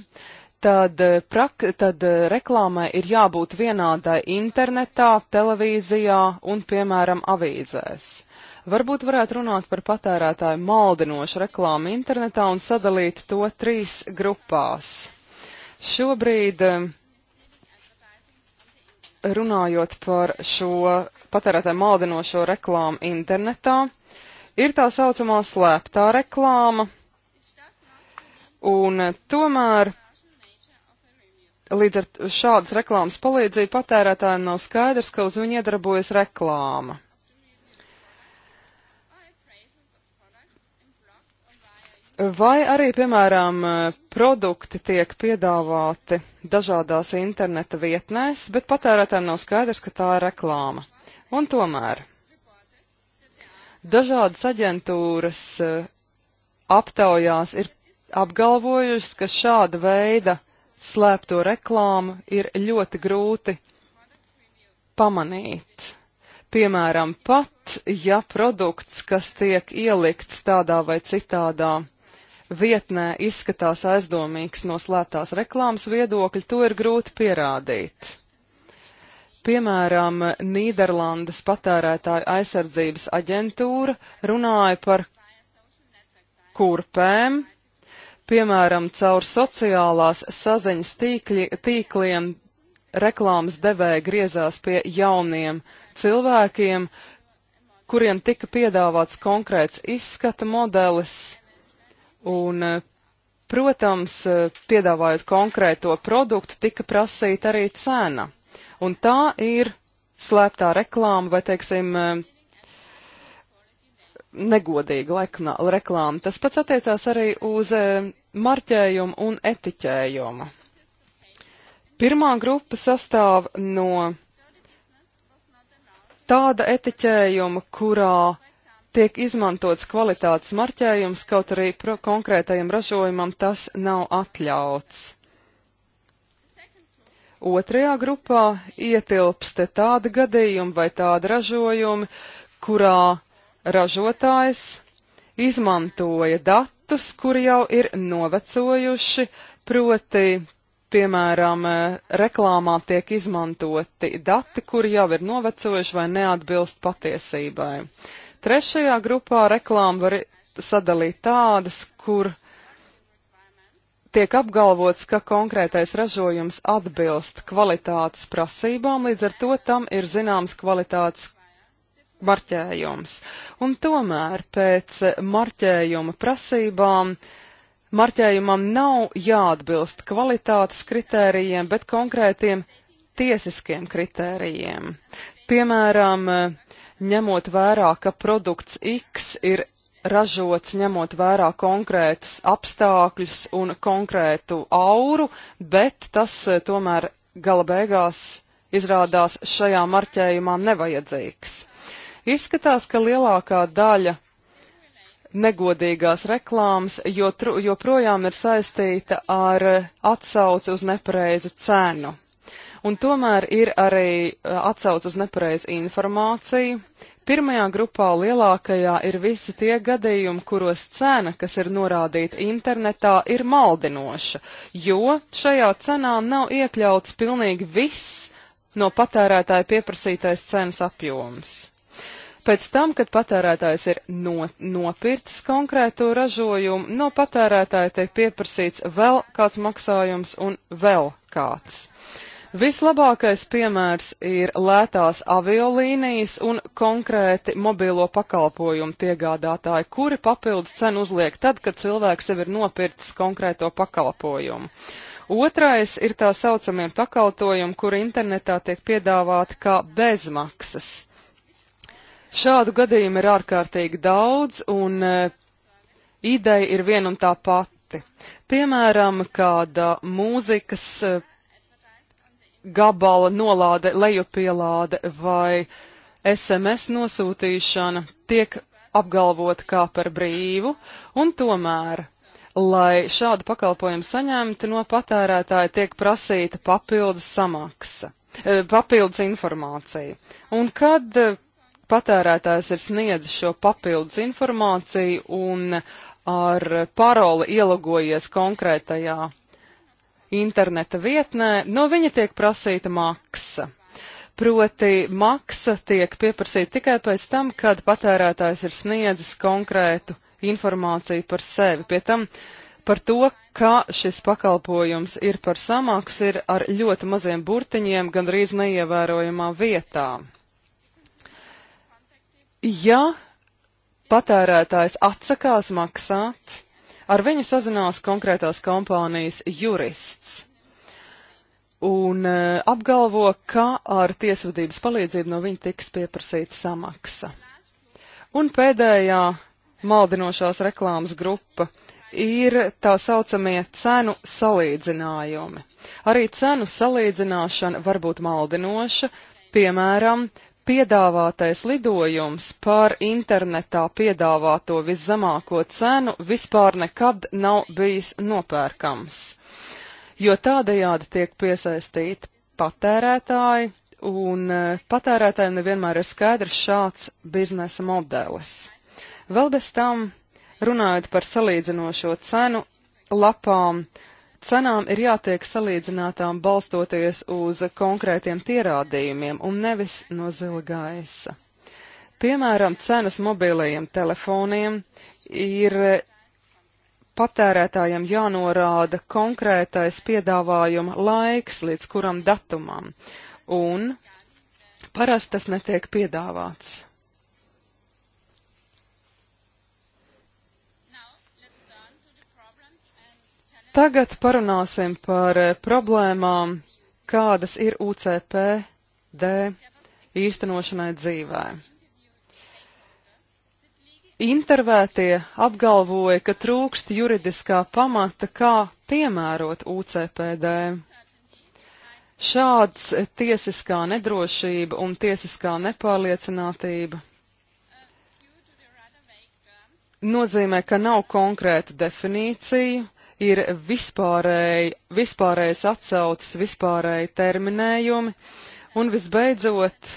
Speaker 4: tad, eh, prak, tad eh, reklāmai ir jābūt vienādai internetā, televīzijā un, piemēram, avīzēs. Varbūt varētu runāt par patērētāju maldinošu reklāmu internetā un sadalīt to trīs grupās. Šobrīd um, runājot par šo patērētāju maldinošo reklāmu internetā, ir tā saucamā slēptā reklāma, un eh, tomēr līdz ar šādas reklāmas palīdzību patērētājiem nav skaidrs, ka uz viņu iedarbojas reklāma. Vai arī, piemēram, produkti tiek piedāvāti dažādās interneta vietnēs, bet patērētājiem nav skaidrs, ka tā ir reklāma. Un tomēr dažādas aģentūras eh, aptaujās ir apgalvojušas, ka šāda veida slēpto reklāmu ir ļoti grūti pamanīt. Piemēram, pat ja produkts, kas tiek ielikts tādā vai citādā vietnē izskatās aizdomīgs no slēptās reklāmas viedokļa, to ir grūti pierādīt. Piemēram, Nīderlandes patērētāju aizsardzības aģentūra runāja par kurpēm, piemēram, caur sociālās saziņas tīkļi, tīkliem reklāmas devēja griezās pie jauniem cilvēkiem, kuriem tika piedāvāts konkrēts izskata modelis, Un, eh, protams, eh, piedāvājot konkrēto produktu, tika prasīta arī cena. Un tā ir slēptā reklāma vai, teiksim, eh, negodīga reklāma. Tas pats attiecās arī uz marķējumu un etiķējumu. Pirmā grupa sastāv no tāda etiķējuma, kurā tiek izmantots kvalitātes marķējums, kaut arī konkrētajam ražojumam tas nav atļauts. Otrajā grupā ietilpst tādi gadījumi vai tādi ražojumi, kurā ražotājs izmantoja datus, kuri jau ir novecojuši, proti, piemēram, eh, reklāmā tiek izmantoti dati, kuri jau ir novecojuši vai neatbilst patiesībai. Trešajā grupā reklāmu var sadalīt tādas, kur tiek apgalvots, ka konkrētais ražojums atbilst kvalitātes prasībām, līdz ar to tam ir zināms kvalitātes marķējums. Un tomēr pēc marķējuma prasībām marķējumam nav jāatbilst kvalitātes kritērijiem, bet konkrētiem tiesiskiem kritērijiem. Piemēram, ņemot vērā, ka produkts X ir ražots ņemot vērā konkrētus apstākļus un konkrētu auru, bet tas eh, tomēr gala beigās izrādās šajā marķējumā nevajadzīgs. Izskatās, ka lielākā daļa negodīgās reklāmas joprojām jo ir saistīta ar eh, atsauci uz nepareizu cenu. Un tomēr ir arī eh, atsauc uz nepareizu informāciju. Pirmajā grupā lielākajā ir visi tie gadījumi, kuros cena, kas ir norādīta internetā, ir maldinoša, jo šajā cenā nav iekļauts pilnīgi viss no patērētāja pieprasītais cenas apjoms. Pēc tam, kad patērētājs ir no, nopircis konkrēto ražojumu, no patērētāja tiek pieprasīts vēl kāds maksājums un vēl kāds. Uh, Vislabākais piemērs ir lētās aviolīnijas un konkrēti mobilo pakalpojumu piegādātāji, kuri papildus cenu uzliek tad, kad cilvēks sev ir nopircis konkrēto pakalpojumu. Otrais ir tā saucamie pakalpojumi, kuri internetā tiek piedāvāti kā bezmaksas. Šādu gadījumu ir ārkārtīgi daudz, un e, ideja ir viena un tā pati. Piemēram, kāda mūzikas eh, gabala nolāde, lejupielāde vai SMS nosūtīšana tiek apgalvota kā par brīvu, un tomēr, lai šādu pakalpojumu saņemtu, no patērētāja tiek prasīta papildus samaksa, e, papildus informācija. Un kad e, patērētājs ir sniedzis šo papildus informāciju un ar paroli ielogojies konkrētajā interneta vietnē, no viņa tiek prasīta maksa. Proti maksa tiek pieprasīta tikai pēc tam, kad patērētājs ir sniedzis konkrētu informāciju par sevi. Pie tam par to, ka šis pakalpojums ir par samaksu, ir ar ļoti maziem burtiņiem, gandrīz neievērojamā vietā. Ja patērētājs atsakās maksāt, Ar viņu sazinās konkrētās kompānijas jurists un e, apgalvo, ka ar tiesvedības palīdzību no viņa tiks pieprasīta samaksa. Un pēdējā maldinošās reklāmas grupa ir tā saucamie cenu salīdzinājumi. Arī cenu salīdzināšana var būt maldinoša, piemēram, piedāvātais lidojums par internetā piedāvāto viszemāko cenu vispār nekad nav bijis nopērkams, jo tādējādi tiek piesaistīti patērētāji, un e, patērētājiem nevienmēr ir skaidrs šāds biznesa modelis. Vēl bez tam, runājot par salīdzinošo cenu lapām, uh, Cenām ir jātiek salīdzinātām balstoties uz konkrētiem pierādījumiem un nevis no zila gaisa. Piemēram, cenas mobilajiem telefoniem ir patērētājiem jānorāda konkrētais piedāvājuma laiks līdz kuram datumam, un parasti tas netiek piedāvāts. Tagad parunāsim par eh, problēmām, kādas ir UCPD īstenošanai dzīvē. Intervētie apgalvoja, ka trūkst juridiskā pamata, kā piemērot UCPD. Šāds eh, tiesiskā nedrošība un tiesiskā nepārliecinātība nozīmē, ka nav konkrēta definīcija, ir vispārēji, vispārējas atsaucas, vispārēji terminējumi, un visbeidzot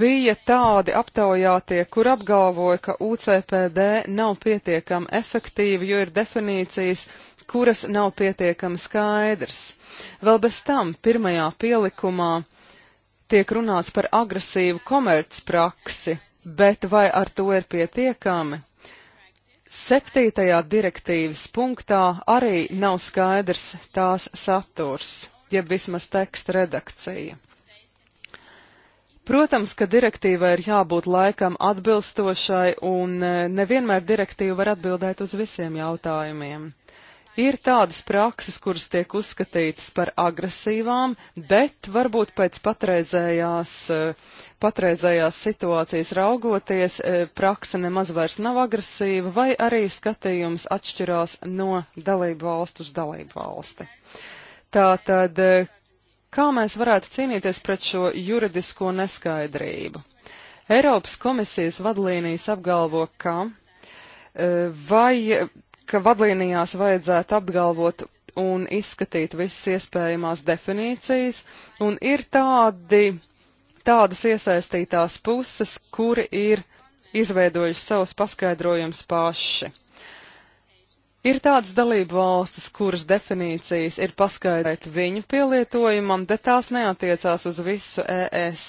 Speaker 4: bija tādi aptaujātie, kur apgalvoja, ka UCPD nav pietiekami efektīvi, jo ir definīcijas, kuras nav pietiekami skaidrs. Vēl bez tam pirmajā pielikumā tiek runāts par agresīvu komercpraksi, bet vai ar to ir pietiekami? Septītajā direktīvas punktā arī nav skaidrs tās saturs, jeb vismaz teksta redakcija. Protams, ka direktīvai ir jābūt laikam atbilstošai, un e, nevienmēr direktīva var atbildēt uz visiem jautājumiem. Ir tādas prakses, kuras tiek uzskatītas par agresīvām, bet varbūt pēc patreizējās uh, patreizējās situācijas raugoties, e, praksa nemaz vairs nav agresīva, vai arī skatījums atšķirās no dalību valstu uz dalību valsti. Tātad, e, kā mēs varētu cīnīties pret šo juridisko neskaidrību? Eiropas komisijas vadlīnijas apgalvo, ka e, vai ka vadlīnijās vajadzētu apgalvot un izskatīt visas iespējamās definīcijas, un ir tādi tādas iesaistītās puses, kuri ir izveidojuši savus paskaidrojumus paši. Ir tādas dalību valstis, kuras definīcijas ir paskaidrot viņu pielietojumam, bet tās neatiecās uz visu ES.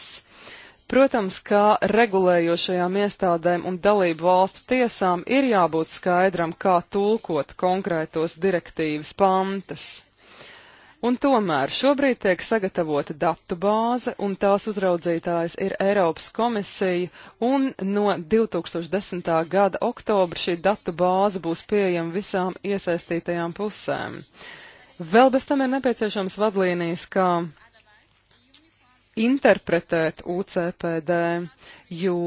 Speaker 4: Protams, kā regulējošajām iestādēm un dalību valstu tiesām ir jābūt skaidram, kā tulkot konkrētos direktīvas pantus. Un tomēr šobrīd tiek sagatavota datu bāze, un tās uzraudzītājs ir Eiropas komisija, un no 2010. gada oktobra šī datu bāze būs pieejama visām iesaistītajām pusēm. Vēl bez tam ir nepieciešams vadlīnijas, kā interpretēt UCPD, jo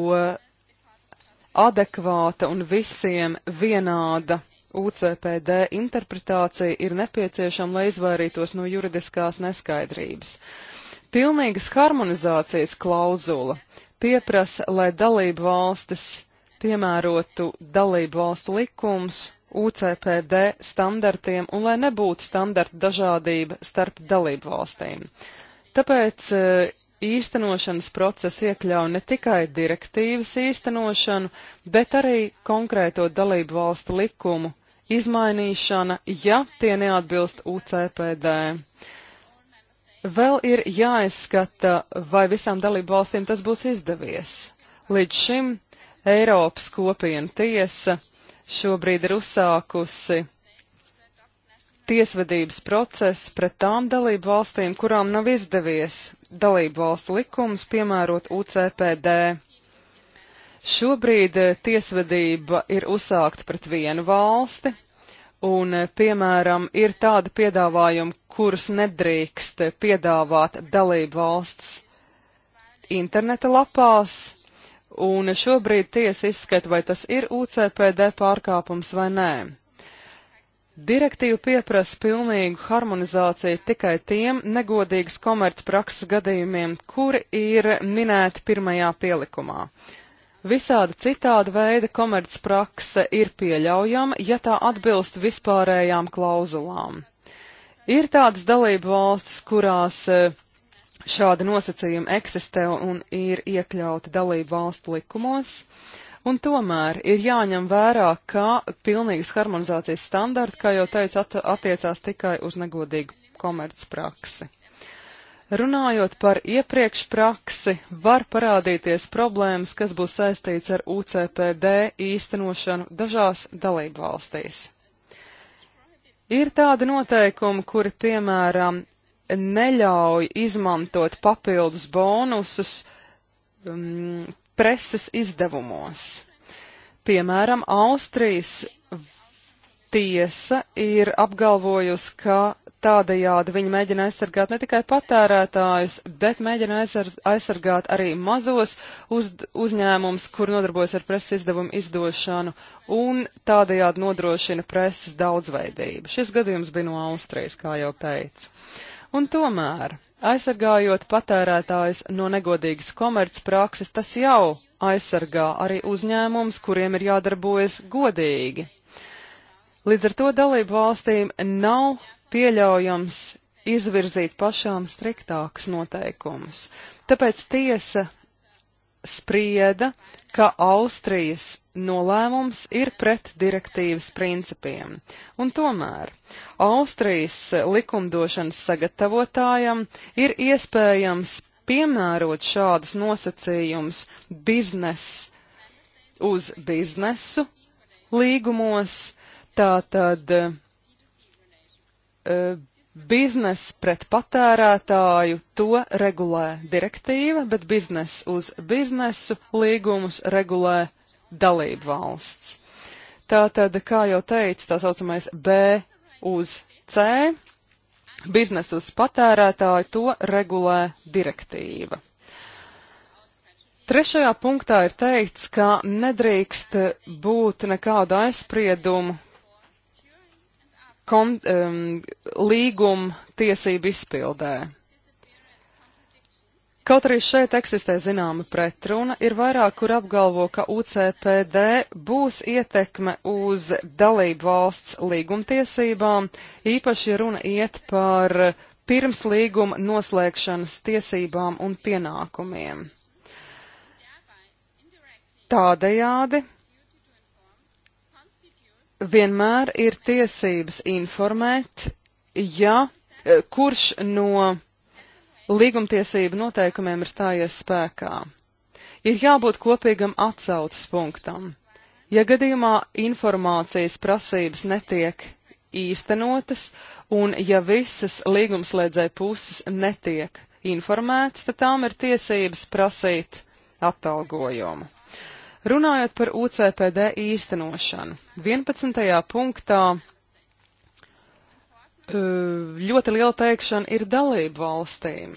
Speaker 4: adekvāta un visiem vienāda UCPD interpretācija ir nepieciešama, lai izvairītos no juridiskās neskaidrības. Pilnīgas harmonizācijas klauzula pieprasa, lai dalību valstis piemērotu dalību valstu likums UCPD standartiem un lai nebūtu standarta dažādība starp dalību valstīm. Tāpēc eh, īstenošanas process iekļauj ne tikai direktīvas īstenošanu, bet arī konkrēto dalību valstu likumu izmainīšana, ja tie neatbilst UCPD. Vēl ir jāizskata, vai visām dalību valstīm tas būs izdevies. Līdz šim Eiropas kopiena tiesa šobrīd ir uzsākusi tiesvedības procesu pret tām dalību valstīm, kurām nav izdevies dalību valstu likums piemērot UCPD. Šobrīd eh, tiesvedība ir uzsākta pret vienu valsti, un, eh, piemēram, ir tādi piedāvājumi, kurus nedrīkst piedāvāt dalību valsts interneta lapās, un šobrīd tiesa izskata, vai tas ir UCPD pārkāpums vai nē. Direktīva pieprasa pilnīgu harmonizāciju tikai tiem negodīgas komercprakses gadījumiem, kuri ir minēti pirmajā pielikumā. Visāda citāda veida komercprakse ir pieļaujama, ja tā atbilst vispārējām klauzulām. Ir tādas dalību valstis, kurās e, šādi nosacījumi eksistē un ir iekļauti dalību valstu likumos, un tomēr ir jāņem vērā, ka pilnīgas harmonizācijas standarti, kā jau teicu, at attiecās tikai uz negodīgu komercpraksi. Runājot par iepriekš praksi, var parādīties problēmas, kas būs saistīts ar UCPD īstenošanu dažās dalību valstīs. Ir tādi noteikumi, kuri, piemēram, neļauj izmantot papildus bonusus um, preses izdevumos. Piemēram, Austrijas tiesa ir apgalvojusi, ka tādējādi viņi mēģina aizsargāt ne tikai patērētājus, bet mēģina aizsargāt arī mazos uz, uzņēmums, kur nodarbojas ar preses izdevumu izdošanu un tādējādi nodrošina preses daudzveidību. Šis gadījums bija no Austrijas, kā jau teicu. Un tomēr, aizsargājot patērētājus no negodīgas komercprakses, tas jau aizsargā arī uzņēmums, kuriem ir jādarbojas godīgi. Līdz ar to dalību valstīm nav pieļaujams izvirzīt pašām striktākus noteikumus. Tāpēc tiesa sprieda, ka Austrijas nolēmums ir pret direktīvas principiem. Un tomēr Austrijas likumdošanas sagatavotājam ir iespējams piemērot šādus nosacījumus biznes uz biznesu līgumos, Tā tad eh, biznes pret patērētāju to regulē direktīva, bet biznes uz biznesu līgumus regulē dalību valsts. Tātad, kā jau teicu, tā saucamais B uz C, biznes uz patērētāju to regulē direktīva. Trešajā punktā ir teikts, ka nedrīkst būt nekādu aizspriedumu kom, um, līguma tiesību izpildē. Kaut arī šeit eksistē zināma pretruna, ir vairāk, kur apgalvo, ka UCPD būs ietekme uz dalību valsts līgumtiesībām, īpaši runa iet par pirms līguma noslēgšanas tiesībām un pienākumiem. Tādējādi vienmēr ir tiesības informēt, ja e, kurš no līgumtiesību noteikumiem ir stājies spēkā. Ir jābūt kopīgam atsaucas punktam. Ja gadījumā informācijas prasības netiek īstenotas, un ja visas līgumslēdzēja puses netiek informētas, tad tām ir tiesības prasīt atalgojumu. Runājot par UCPD īstenošanu, 11. punktā eh, ļoti liela teikšana ir dalību valstīm.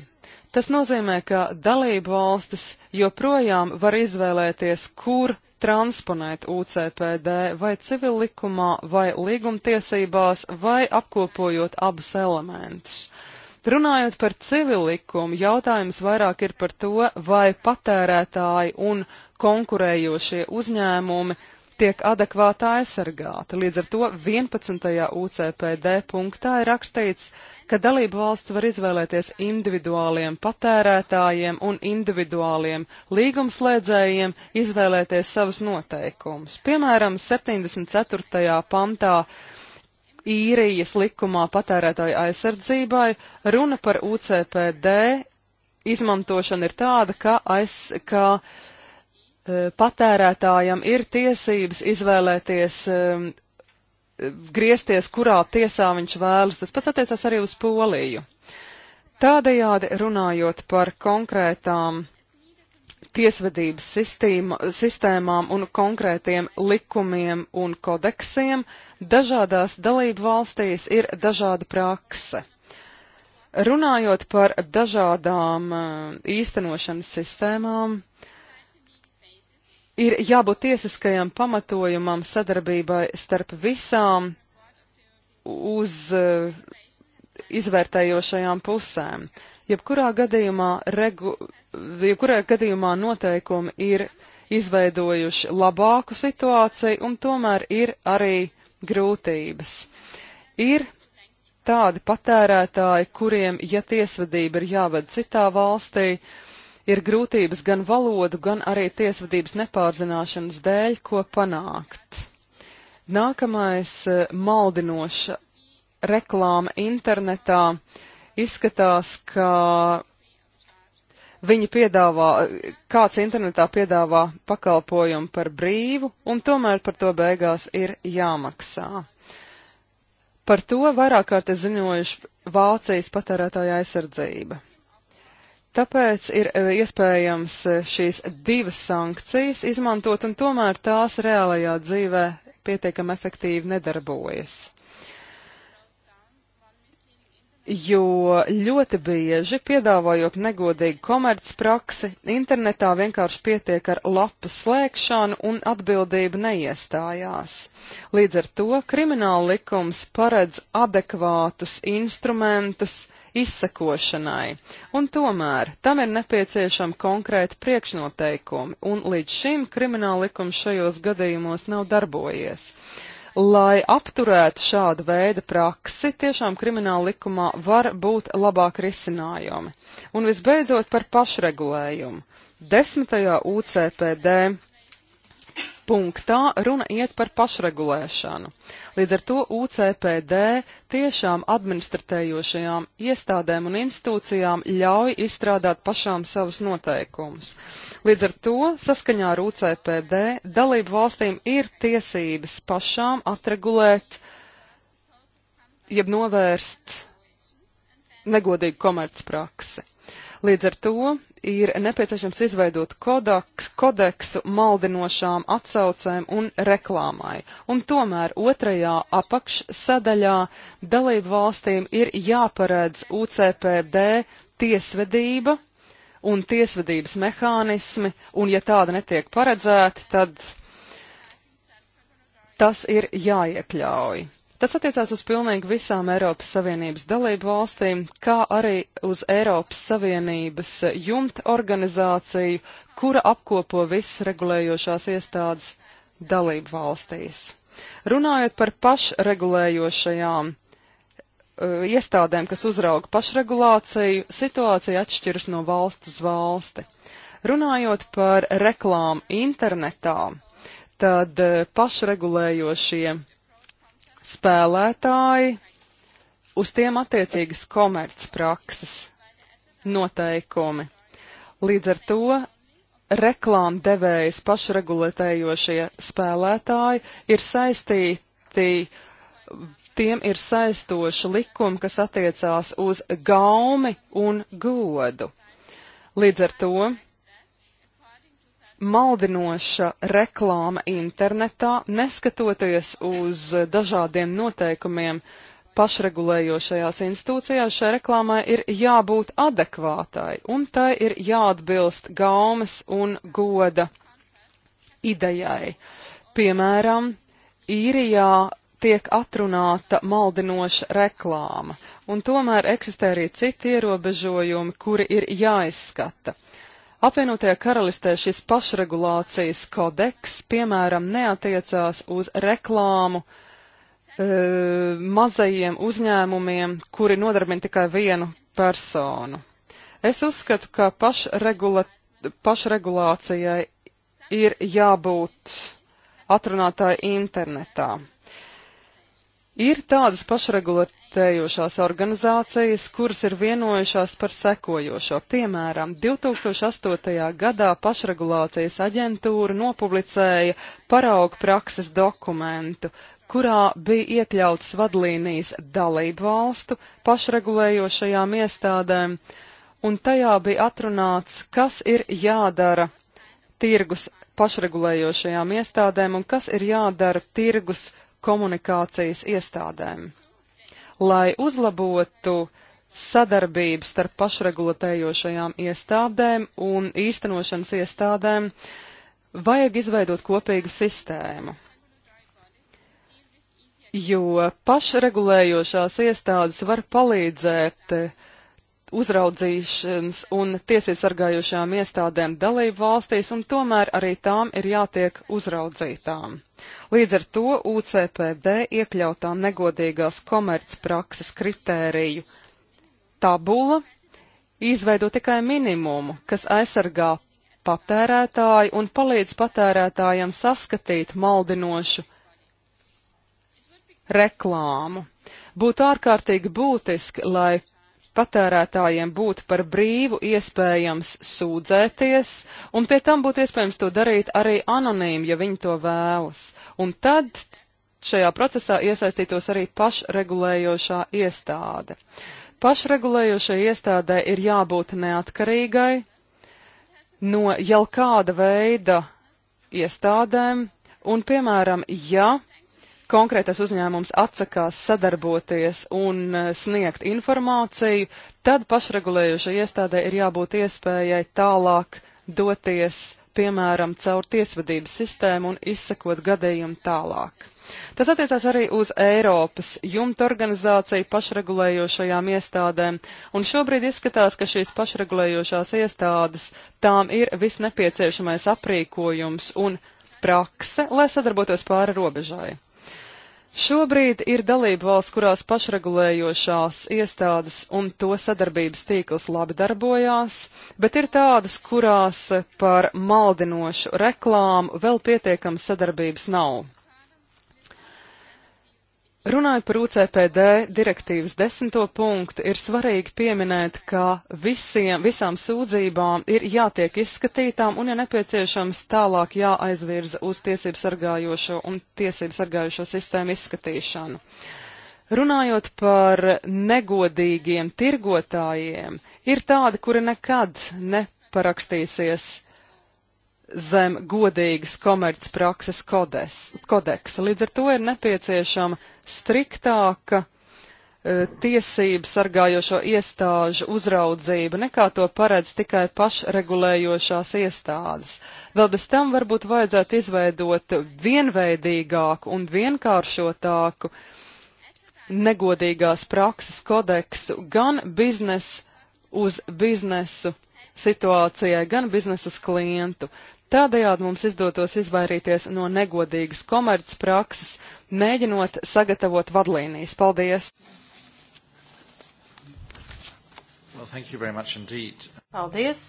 Speaker 4: Tas nozīmē, ka dalību valstis joprojām var izvēlēties, kur transponēt UCPD vai civil likumā, vai līgumtiesībās, vai apkopojot abus elementus. Runājot par civilikumu, jautājums vairāk ir par to, vai patērētāji un konkurējošie uzņēmumi tiek adekvāti aizsargāti. Līdz ar to 11. UCPD punktā ir rakstīts, ka dalību valsts var izvēlēties individuāliem patērētājiem un individuāliem līgumslēdzējiem izvēlēties savus noteikumus. Piemēram, 74. pantā īrijas likumā patērētāju aizsardzībai, runa par UCPD izmantošana ir tāda, ka, aiz, ka e, patērētājam ir tiesības izvēlēties, e, griezties, kurā tiesā viņš vēlas. Tas pats attiecas arī uz Poliju. Tādējādi runājot par konkrētām tiesvedības sistīma, sistēmām un konkrētiem likumiem un kodeksiem, Dažādās dalību valstīs ir dažāda prakse. Runājot par dažādām eh, īstenošanas sistēmām, ir jābūt tiesiskajam pamatojumam sadarbībai starp visām uz eh, izvērtējošajām pusēm. Jebkurā gadījumā, regu, jebkurā gadījumā noteikumi ir izveidojuši labāku situāciju, un tomēr ir arī uh, grūtības. Ir tādi patērētāji, kuriem, ja tiesvedība ir jāved citā valstī, ir grūtības gan valodu, gan arī tiesvedības nepārzināšanas dēļ, ko panākt. Nākamais eh, maldinoša reklāma internetā izskatās, ka Viņi piedāvā, kāds internetā piedāvā pakalpojumu par brīvu, un tomēr par to beigās ir jāmaksā. Par to vairāk kārt ir ziņojuši Vācijas patērētāja aizsardzība. Tāpēc ir e, iespējams e, šīs divas sankcijas izmantot, un tomēr tās reālajā dzīvē pietiekami efektīvi nedarbojas jo ļoti bieži, piedāvājot negodīgu komercpraksi, internetā vienkārši pietiek ar lapas slēgšanu un atbildība neiestājās. Līdz ar to krimināla likums paredz adekvātus instrumentus izsekošanai, un tomēr tam ir nepieciešama konkrēta priekšnoteikumi, un līdz šim krimināla likums šajos gadījumos nav darbojies. Lai apturētu šādu veidu praksi, tiešām krimināla likumā var būt labāk risinājumi. Un visbeidzot par pašregulējumu. Desmitajā UCPD punktā runa iet par pašregulēšanu. Līdz ar to UCPD tiešām administratējošajām iestādēm un institūcijām ļauj izstrādāt pašām savus noteikumus. Līdz ar to, saskaņā ar UCPD, dalību valstīm ir tiesības pašām atregulēt, jeb novērst negodīgu komercpraksi. Līdz ar to ir nepieciešams izveidot kodaks, kodeksu maldinošām atsaucēm un reklāmai. Un tomēr otrajā apakšsadaļā dalību valstīm ir jāparedz UCPD tiesvedība un tiesvedības mehānismi, un ja tāda netiek paredzēta, tad tas ir jāiekļauj. Tas attiecās uz pilnīgi visām Eiropas Savienības dalību valstīm, kā arī uz Eiropas Savienības jumta organizāciju, kura apkopo visas regulējošās iestādes dalību valstīs. Runājot par pašregulējošajām Eh, iestādēm, kas uzrauga pašregulāciju, situācija atšķiras no valsts uz valsti. Runājot par reklāmu internetā, tad eh, pašregulējošie spēlētāji uz tiem attiecīgas komercprakses noteikumi. Līdz ar to reklāmdevējas pašregulētējošie spēlētāji ir saistīti tiem ir saistoši likumi, kas attiecās uz gaumi un godu. Līdz ar to maldinoša reklāma internetā, neskatoties uz dažādiem noteikumiem pašregulējošajās institūcijās, šai reklāmai ir jābūt adekvātai, un tai ir jāatbilst gaumes un goda idejai. Piemēram, īrijā tiek atrunāta maldinoša reklāma, un tomēr eksistē arī citi ierobežojumi, kuri ir jāizskata. Apvienotajā karalistē šis pašregulācijas kodeks, piemēram, neatiecās uz reklāmu e, mazajiem uzņēmumiem, kuri nodarbina tikai vienu personu. Es uzskatu, ka pašregula, pašregulācijai ir jābūt atrunātāji internetā. Ir tādas pašregulētējošās organizācijas, kuras ir vienojušās par sekojošo. Piemēram, 2008. gadā pašregulācijas aģentūra nopublicēja paraugu prakses dokumentu, kurā bija iekļauts vadlīnijas dalību valstu pašregulējošajām iestādēm, un tajā bija atrunāts, kas ir jādara tirgus pašregulējošajām iestādēm un kas ir jādara tirgus pašregulējošajām iestādēm komunikācijas iestādēm. Lai uzlabotu sadarbību starp pašregulējošajām iestādēm un īstenošanas iestādēm, vajag izveidot kopīgu sistēmu. Jo pašregulējošās iestādes var palīdzēt uzraudzīšanas un tiesību sargājošām iestādēm dalību valstīs, un tomēr arī tām ir jātiek uzraudzītām. Līdz ar to UCPD iekļautā negodīgās komercprakses kritēriju tabula izveido tikai minimumu, kas aizsargā patērētāju un palīdz patērētājiem saskatīt maldinošu reklāmu. Būtu ārkārtīgi būtiski, lai patērētājiem būtu par brīvu iespējams sūdzēties, un pie tam būtu iespējams to darīt arī anonīmi, ja viņi to vēlas. Un tad šajā procesā iesaistītos arī pašregulējošā iestāde. Pašregulējošai iestādē ir jābūt neatkarīgai no jau kāda veida iestādēm, un, piemēram, ja konkrētais uzņēmums atsakās sadarboties un eh, sniegt informāciju, tad pašregulējušai iestādē ir jābūt iespējai tālāk doties, piemēram, caur tiesvedības sistēmu un izsekot gadījumu tālāk. Tas attiecās arī uz Eiropas jumta organizāciju pašregulējošajām iestādēm, un šobrīd izskatās, ka šīs pašregulējošās iestādes tām ir visnepieciešamais aprīkojums un prakse, lai sadarbotos pāri robežai. Šobrīd ir dalība valsts, kurās pašregulējošās iestādes un to sadarbības tīkls labi darbojās, bet ir tādas, kurās par maldinošu reklāmu vēl pietiekama sadarbības nav. Runājot par UCPD direktīvas desmito punktu, ir svarīgi pieminēt, ka visiem, visām sūdzībām ir jātiek izskatītām un, ja nepieciešams, tālāk jāaizvirza uz tiesību sargājošo un tiesību sargājošo sistēmu izskatīšanu. Runājot par negodīgiem tirgotājiem, ir tādi, kuri nekad neparakstīsies zem godīgas komercprakses kodeksa. Līdz ar to ir nepieciešama striktāka e, tiesību sargājošo iestāžu uzraudzība, nekā to paredz tikai pašregulējošās iestādes. Vēl bez tam varbūt vajadzētu izveidot vienveidīgāku un vienkāršotāku negodīgās prakses kodeksu gan biznes uz biznesu situācijai, gan biznesu uz klientu. Tādējādi mums izdotos izvairīties no negodīgas komerces prakses, mēģinot sagatavot vadlīnijas. Paldies!
Speaker 1: Well, thank you very much indeed.
Speaker 2: Paldies!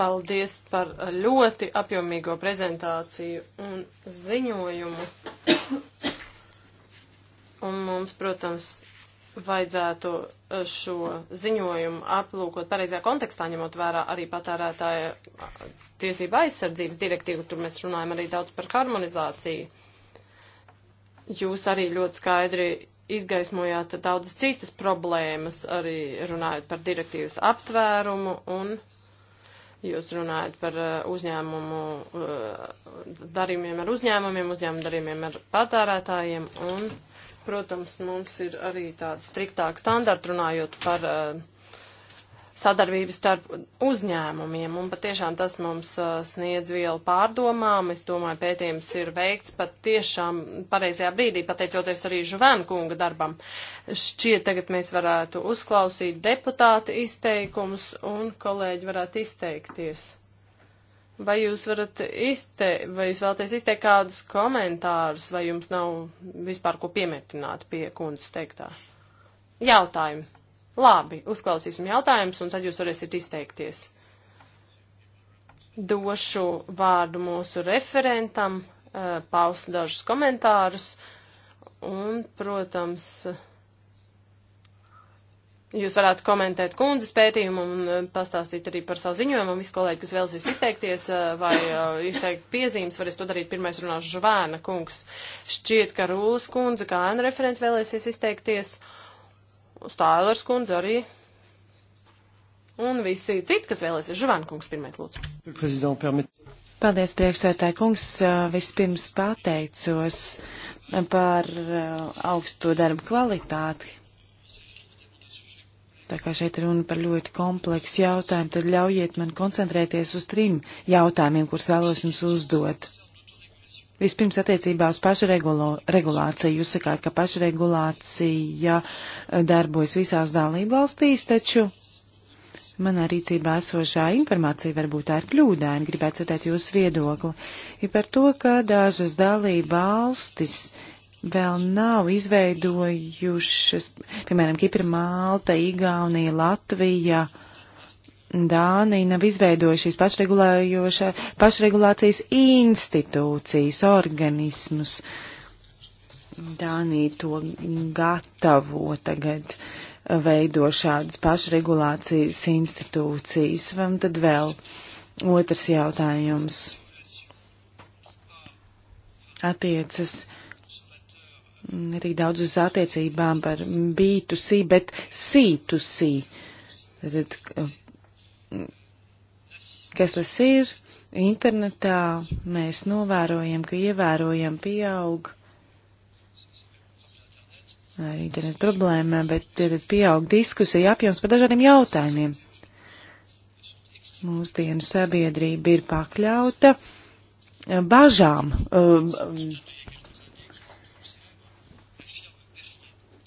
Speaker 2: Paldies par ļoti apjomīgo prezentāciju un ziņojumu. Un mums, protams, vajadzētu eh, šo ziņojumu aplūkot pareizajā kontekstā, ņemot vērā arī patērētāja eh, tiesība aizsardzības direktīvu, tur mēs runājam arī daudz par harmonizāciju. Jūs arī ļoti skaidri izgaismojāt daudzas citas problēmas, arī runājot par direktīvas aptvērumu un jūs runājat par eh, uzņēmumu darījumiem ar uzņēmumiem, uzņēmumu darījumiem ar patērētājiem un. Protams, mums ir arī tāda striktāka standarta runājot par uh, sadarbību starp uzņēmumiem, un patiešām tas mums uh, sniedz vielu pārdomām. Es domāju, pētījums ir veikts pat tiešām pareizajā brīdī, pateicoties arī Žuvenkunga darbam. Šķiet, tagad mēs varētu uzklausīt deputāti izteikums, un kolēģi varētu izteikties. Vai jūs varat izteikt, vai jūs vēlaties izteikt kādus komentārus, vai jums nav vispār ko piemetināt pie kundzes teiktā? Jautājumi. Labi, uzklausīsim jautājumus, un tad jūs varēsiet izteikties. Došu vārdu mūsu referentam, eh, paust dažus komentārus, un, protams, uh, Jūs varētu komentēt kundzes pētījumu un eh, pastāstīt arī par savu ziņojumu. Visi kolēģi, kas vēlasies izteikties eh, vai eh, izteikt piezīmes, varēs to darīt. Pirmais runās Žvēna kungs. Šķiet, ka Rūlas kundze kā ēna referenti vēlēsies izteikties. Stālers kundze arī. Un visi citi, kas vēlēsies. Žvēna kungs pirmais
Speaker 1: lūdzu.
Speaker 3: Paldies, priekšsētāji kungs. Vispirms pateicos par augsto darbu kvalitāti Tā kā šeit runa par ļoti kompleksu jautājumu, tad ļaujiet man koncentrēties uz trim jautājumiem, kurus vēlos jums uzdot. Vispirms attiecībā uz pašregulāciju. Jūs sakāt, ka pašregulācija eh, darbojas visās dalību valstīs, taču manā rīcībā esošā informācija varbūt tā ir kļūdaina, gribētu citēt jūsu viedokli. Ir par to, ka dažas dalība valstis vēl nav izveidojušas, piemēram, Kipra, Malta, Igaunija, Latvija, Dānija nav izveidojušas pašregulācijas institūcijas, organismus. Dānija to gatavo tagad veido šādas pašregulācijas institūcijas. Un tad vēl otrs jautājums attiecas ne tik daudz uz attiecībām par B2C, bet C2C. Tad, eh, kas tas ir? Internetā mēs novērojam, ka ievērojam pieaug ar internetu problēmām, bet tad pieaug diskusija apjoms par dažādiem jautājumiem. Mūsdienu sabiedrība ir pakļauta eh, bažām. Uh,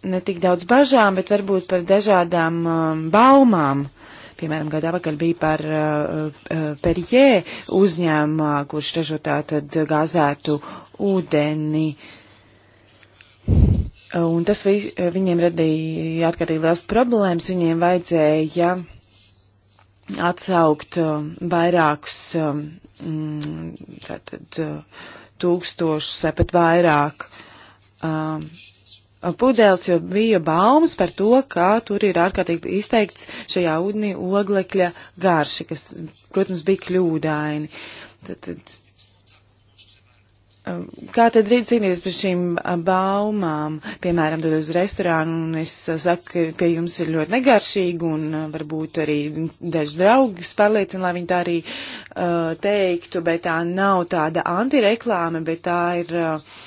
Speaker 3: ne tik daudz bažām, bet varbūt par dažādām um, baumām. Piemēram, gadā vakar bija par uh, uh, Perjē uzņēmumā, kurš ražo tātad gāzētu ūdeni. Un tas vi, viņiem radīja ārkārtīgi liels problēmas. Viņiem vajadzēja atsaukt uh, vairākus um, tātad, uh, tūkstošus, pat vairāk. Um, uh, pudeles, jo bija baumas par to, ka tur ir ārkārtīgi izteikts šajā ūdenī oglekļa garša, kas, protams, bija kļūdaini. Tad, tad, kā tad rīt cīnīties par šīm baumām? Piemēram, dod uz restorānu un es saku, pie jums ir ļoti negaršīgi un varbūt arī daži draugus pārliecina, lai viņi tā arī uh, teiktu, bet tā nav tāda antireklāme, bet tā ir. Uh,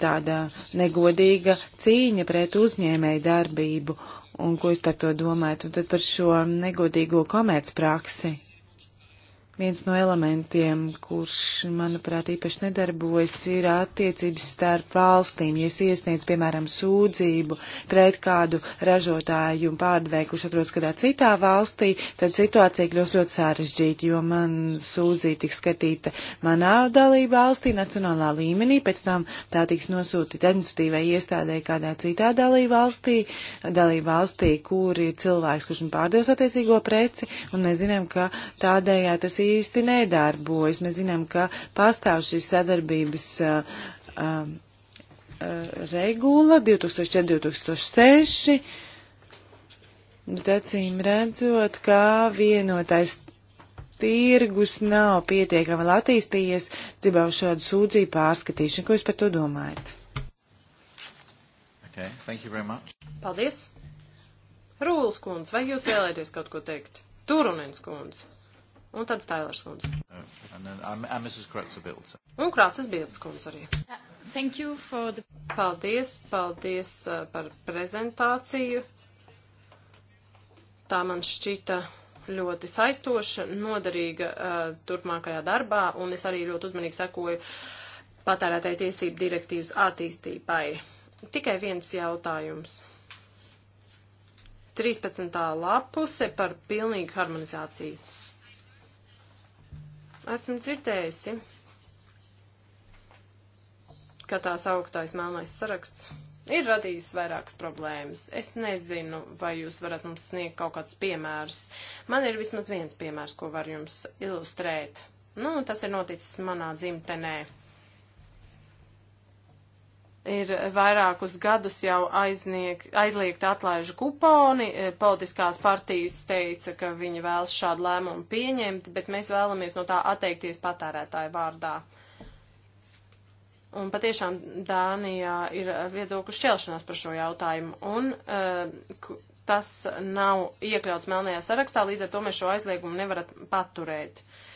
Speaker 3: tāda negodīga cīņa pret uzņēmēju darbību un ko jūs par to domājat, un tad par šo negodīgo komercpraksi. Viens no elementiem, kurš, manuprāt, īpaši nedarbojas, ir attiecības starp valstīm. Ja es iesniedzu, piemēram, sūdzību pret kādu ražotāju un pārdevēju, kurš atrodas kādā citā valstī, tad situācija kļūst ļoti sarežģīta, jo man sūdzība tiks skatīta manā dalība valstī, nacionālā līmenī, pēc tam tā tiks nosūtīta administratīvai iestādē kādā citā dalība valstī, dalība valstī, kur ir cilvēks, kurš man pārdevis attiecīgo preci, un mēs zinām, ka tādējā tas ir īsti nedarbojas. Mēs zinām, ka pastāv šīs sadarbības uh, um, uh, regula 2004-2006. Mums acīm redzot, kā vienotais tirgus nav pietiekami vēl attīstījies, dzībā uz šādu sūdzību pārskatīšanu. Ko jūs par to domājat?
Speaker 1: Okay, thank you very much.
Speaker 2: Paldies! Rūlis kundze, vai jūs vēlēties kaut ko teikt? Turunens kundze. Un tad Stailers kundze.
Speaker 1: Uh, um,
Speaker 2: un Krācas Bildes kundze arī. Uh, thank you for the... Paldies, paldies uh, par prezentāciju. Tā man šķita ļoti saistoša, noderīga uh, turpmākajā darbā, un es arī ļoti uzmanīgi sekoju patērētāju tiesību direktīvas attīstībai. Tikai viens jautājums. 13. lapuse par pilnīgu harmonizāciju. Esmu dzirdējusi, ka tās augtais melnais saraksts ir radījis vairākas problēmas. Es nezinu, vai jūs varat mums sniegt kaut kādus piemērus. Man ir vismaz viens piemērs, ko var jums ilustrēt. Nu, tas ir noticis manā dzimtenē ir vairākus gadus jau aizniek, aizliegt atlaižu kuponi. E, Politiskās partijas teica, ka viņi vēlas šādu lēmumu pieņemt, bet mēs vēlamies no tā atteikties patērētāju vārdā. Un patiešām Dānijā ir viedokļu šķelšanās par šo jautājumu. Un, uh, Tas nav iekļauts melnajā sarakstā, līdz ar to mēs šo aizliegumu nevaram paturēt. Uh,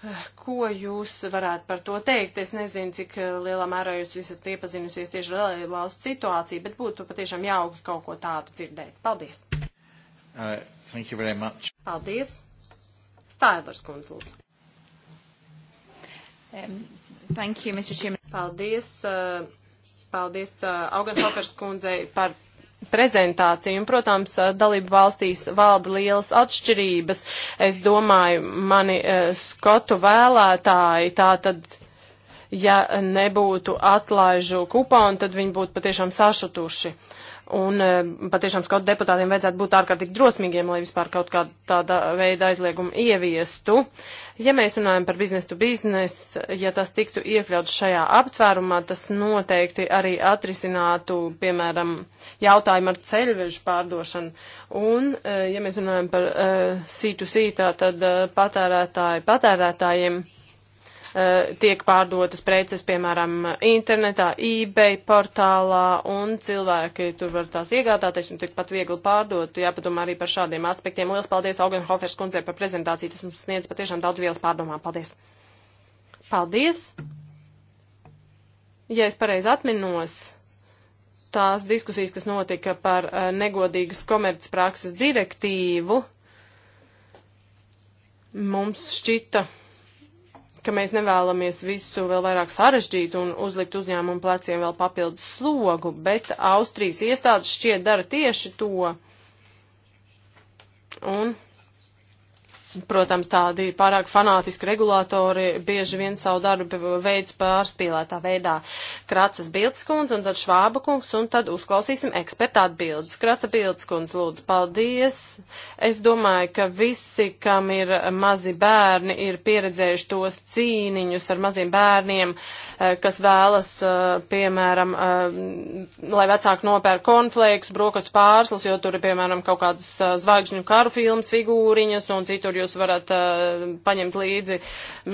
Speaker 2: Eh, ko jūs varētu par to teikt? Es nezinu, cik eh, lielā mērā jūs esat iepazinusies tieši ar valsts situāciju, bet būtu patiešām jauki kaut ko tādu dzirdēt. Paldies!
Speaker 1: Uh, thank you very much.
Speaker 2: Paldies! Stailers kundze, lūdzu. Um, thank you, Mr. Chairman. Paldies, uh, paldies uh, Augenhokers kundzei par prezentāciju. Un, protams, eh, dalību valstīs valda lielas atšķirības. Es domāju, mani eh, skotu vēlētāji tā tad. Ja nebūtu atlaižu kuponu, tad viņi būtu patiešām sašutuši. Un e, patiešām skotu deputātiem vajadzētu būt ārkārtīgi drosmīgiem, lai vispār kaut kāda tāda veida aizliegumu ieviestu. Ja mēs runājam par biznesu to biznesu, ja tas tiktu iekļauts šajā aptvērumā, tas noteikti arī atrisinātu, piemēram, jautājumu ar ceļvežu pārdošanu. Un, e, ja mēs runājam par e, C2C, tātad patērētāju patērētājiem. Patērētāji, Eh, tiek pārdotas preces, piemēram, internetā, eBay portālā, un cilvēki tur var tās iegādāties un tikpat viegli pārdot. Jāpadomā arī par šādiem aspektiem. Lielas paldies Augenhofers kundzei par prezentāciju. Tas mums sniedz patiešām daudz vielas pārdomām. Paldies! Paldies! Ja es pareizi atminos, tās diskusijas, kas notika par eh, negodīgas komercprakses direktīvu, mums šķita ka mēs nevēlamies visu vēl vairāk sarežģīt un uzlikt uzņēmumu pleciem vēl papildus slogu, bet Austrijas iestādes šķiet dara tieši to. Un Protams, tādi pārāk fanātiski regulātori bieži vien savu darbu veids pārspīlētā veidā. Kracas Bildes kundze un tad Švāba kungs un tad uzklausīsim eksperta atbildes. Kraca Bildes kundze, lūdzu, paldies. Es domāju, ka visi, kam ir mazi bērni, ir pieredzējuši tos cīniņus ar maziem bērniem, eh, kas vēlas, eh, piemēram, eh, lai vecāki nopērk konfliktus, brokastu pārslas, jo tur ir, piemēram, kaut kādas zvaigžņu karu filmas figūriņas un citur jūs varat uh, paņemt līdzi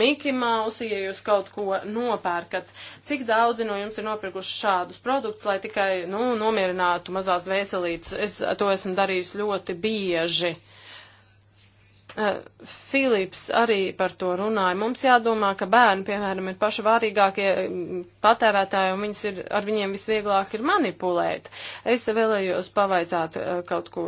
Speaker 2: Miki Mausi, ja jūs kaut ko nopērkat. Cik daudzi no jums ir nopirkuši šādus produktus, lai tikai, nu, nomierinātu mazās dvēselītes? Es to esmu darījis ļoti bieži. Uh, Eh, Filips arī par to runāja. Mums jādomā, ka bērni, piemēram, ir paši vārīgākie mm, patērētāji un viņus ir, ar viņiem visvieglāk ir manipulēt. Es vēlējos pavaicāt eh, kaut ko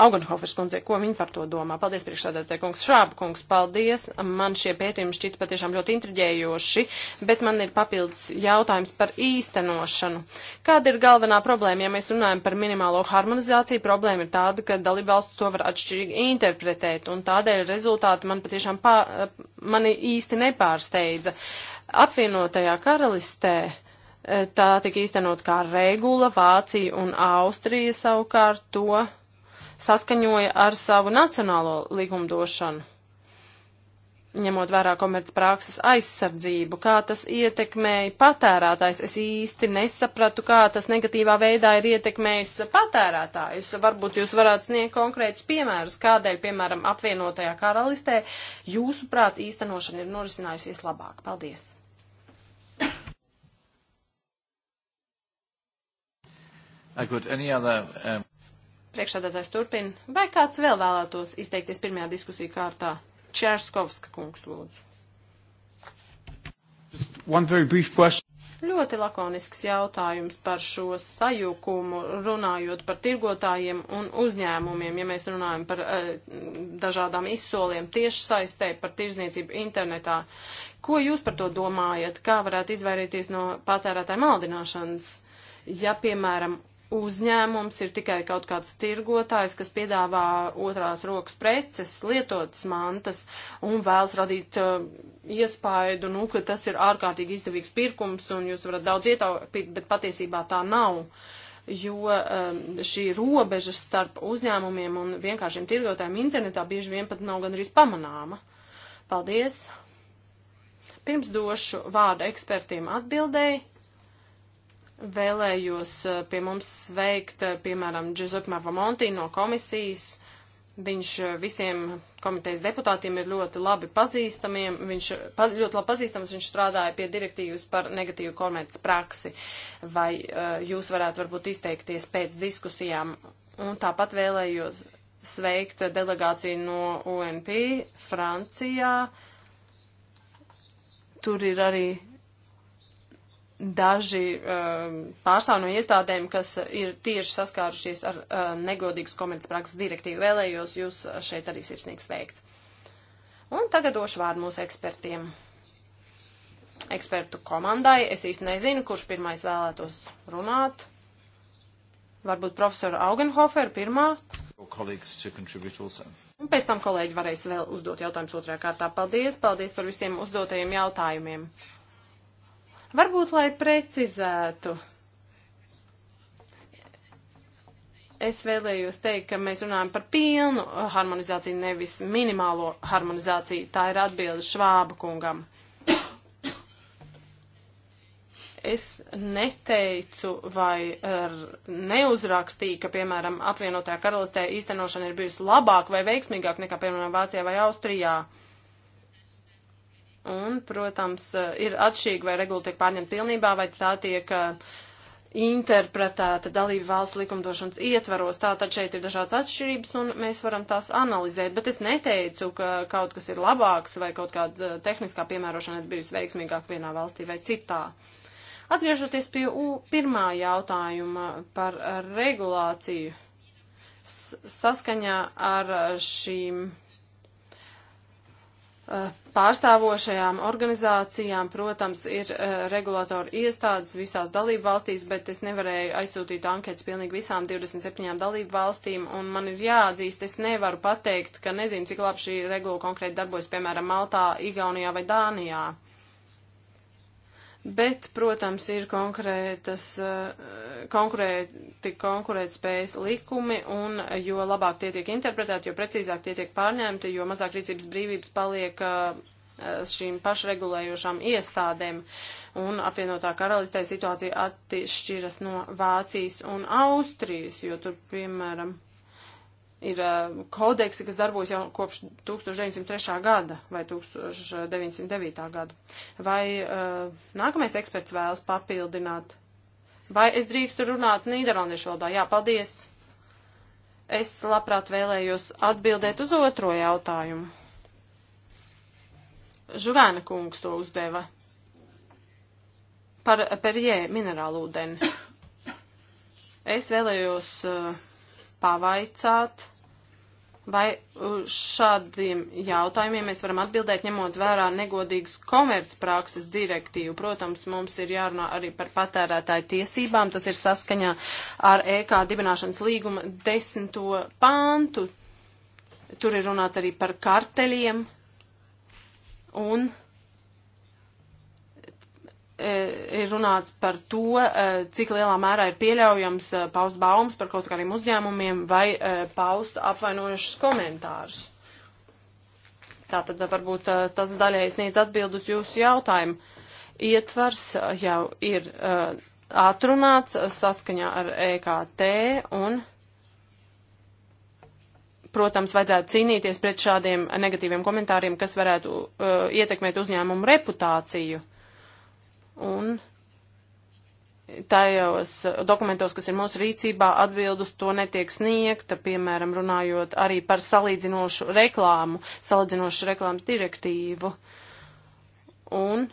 Speaker 2: Augenhofers kundzei, ko viņi par to domā. Paldies, priekšsādātāji kungs, Šrāba kungs, paldies. Man šie pētījumi šķita patiešām ļoti intriģējoši, bet man ir papildus jautājums par īstenošanu. Kāda ir galvenā problēma, ja mēs runājam par minimālo harmonizāciju? Problēma ir tāda, ka dalībvalsts to var atšķirīgi interpretēt. Un un tādēļ rezultāti man patiešām pā, mani īsti nepārsteidza. Apvienotajā karalistē e, tā tika īstenot kā regula, Vācija un Austrija savukārt to saskaņoja ar savu nacionālo likumdošanu ņemot vērā komercprakses aizsardzību, kā tas ietekmēja patērētājs. Es īsti nesapratu, kā tas negatīvā veidā ir ietekmējis patērētājs. Varbūt jūs varētu sniegt konkrētus piemērus, kādēļ, piemēram, apvienotajā karalistē jūsuprāt īstenošana ir norisinājusies labāk. Paldies!
Speaker 1: Uh, good. Any other, um...
Speaker 2: Priekšādātājs turpina. Vai kāds vēl vēlētos izteikties pirmajā diskusiju kārtā? Čērskovska kungs lūdzu. Ļoti lakonisks jautājums par šo sajukumu, runājot par tirgotājiem un uzņēmumiem, ja mēs runājam par uh, dažādām izsoliem tieši saistē par tirzniecību internetā. Ko jūs par to domājat? Kā varētu izvairīties no patērētāja maldināšanas? Ja, piemēram, uzņēmums ir tikai kaut kāds tirgotājs, kas piedāvā otrās rokas preces, lietotas mantas un vēlas radīt uh, iespaidu, nu, ka tas ir ārkārtīgi izdevīgs pirkums un jūs varat daudz ietaupīt, bet patiesībā tā nav. Jo um, šī robeža starp uzņēmumiem un vienkāršiem tirgotājiem internetā bieži vien pat nav gandrīz pamanāma. Paldies! Pirms došu vārdu ekspertiem atbildēji vēlējos eh, pie mums sveikt, eh, piemēram, Giuseppe Mavamonti no komisijas. Viņš eh, visiem komitejas deputātiem ir ļoti labi pazīstamiem. Viņš pa, ļoti labi pazīstams, viņš strādāja pie direktīvas par negatīvu komerces praksi. Vai uh, jūs varētu varbūt izteikties pēc diskusijām? Un tāpat vēlējos sveikt delegāciju no UNP Francijā. Tur ir arī daži um, pārstāv no iestādēm, kas ir tieši saskārušies ar um, negodīgas komercprakses direktīvu, vēlējos jūs šeit arī sirsnīgi sveikt. Un tagad došu vārdu mūsu ekspertiem. Ekspertu komandai es īsti nezinu, kurš pirmais vēlētos runāt. Varbūt profesora Augenhofer pirmā.
Speaker 1: Un
Speaker 2: pēc tam kolēģi varēs vēl uzdot jautājumus otrajā kārtā. Paldies, paldies par visiem uzdotajiem jautājumiem. Varbūt, lai precizētu, es vēlējos teikt, ka mēs runājam par pilnu harmonizāciju, nevis minimālo harmonizāciju. Tā ir atbilde Švāba kungam. Es neteicu vai neuzrakstīju, ka, piemēram, apvienotajā karalistē īstenošana ir bijusi labāka vai veiksmīgāka nekā, piemēram, Vācijā vai Austrijā. Uh, Un, protams, eh, ir atšķirīgi, vai regula tiek pārņemta pilnībā, vai tā tiek uh, interpretēta dalību valsts likumdošanas ietvaros. Tātad šeit ir dažādas atšķirības, un mēs varam tās analizēt. Bet es neteicu, ka kaut kas ir labāks vai kaut kāda eh, tehniskā piemērošana ir bijusi veiksmīgāka vienā valstī vai citā. Atgriežoties pie U, pirmā jautājuma par regulāciju saskaņā ar šīm pārstāvošajām organizācijām, protams, ir uh, eh, regulatori iestādes visās dalību valstīs, bet es nevarēju aizsūtīt anketas pilnīgi visām 27 dalību valstīm, un man ir jāatzīst, es nevaru pateikt, ka nezinu, cik labi šī regula konkrēti darbojas, piemēram, Maltā, Igaunijā vai Dānijā. Bet, protams, ir konkrētas, eh, konkrēti konkurētspējas likumi, un jo labāk tie tiek interpretēti, jo precīzāk tie tiek pārņemti, jo mazāk rīcības brīvības paliek eh, šīm pašregulējošām iestādēm. Un apvienotā karalistē situācija atšķiras no Vācijas un Austrijas, jo tur, piemēram, ir kodeksi, kas darbojas jau kopš 1903. gada vai 1909. gada. Vai uh, nākamais eksperts vēlas papildināt? Vai es drīkstu runāt nīderlandiešu valodā? Jā, paldies. Es labprāt vēlējos atbildēt uz otro jautājumu. Žuvēna kungs to uzdeva par perjē minerālu ūdeni. Es vēlējos uh, pavaicāt, vai uz šādiem jautājumiem mēs varam atbildēt, ņemot vērā negodīgas komercprakses direktīvu. Protams, mums ir jārunā arī par patērētāju tiesībām. Tas ir saskaņā ar EK dibināšanas līguma desmito pāntu. Tur ir runāts arī par karteļiem un E, ir runāts par to, e, cik lielā mērā ir pieļaujams e, paust baumas par kaut kādiem uzņēmumiem vai paust apvainojušus komentārus. Tātad varbūt tas daļai sniedz atbildus jūsu jautājumu. Ietvars jau ir atrunāts saskaņā ar EKT un, protams, vajadzētu cīnīties pret šādiem negatīviem komentāriem, kas varētu ietekmēt uzņēmumu reputāciju. Uh, un tajos dokumentos, kas ir mūsu rīcībā, atbildus to netiek sniegta, piemēram, runājot arī par salīdzinošu reklāmu, salīdzinošu reklāmas direktīvu. Un,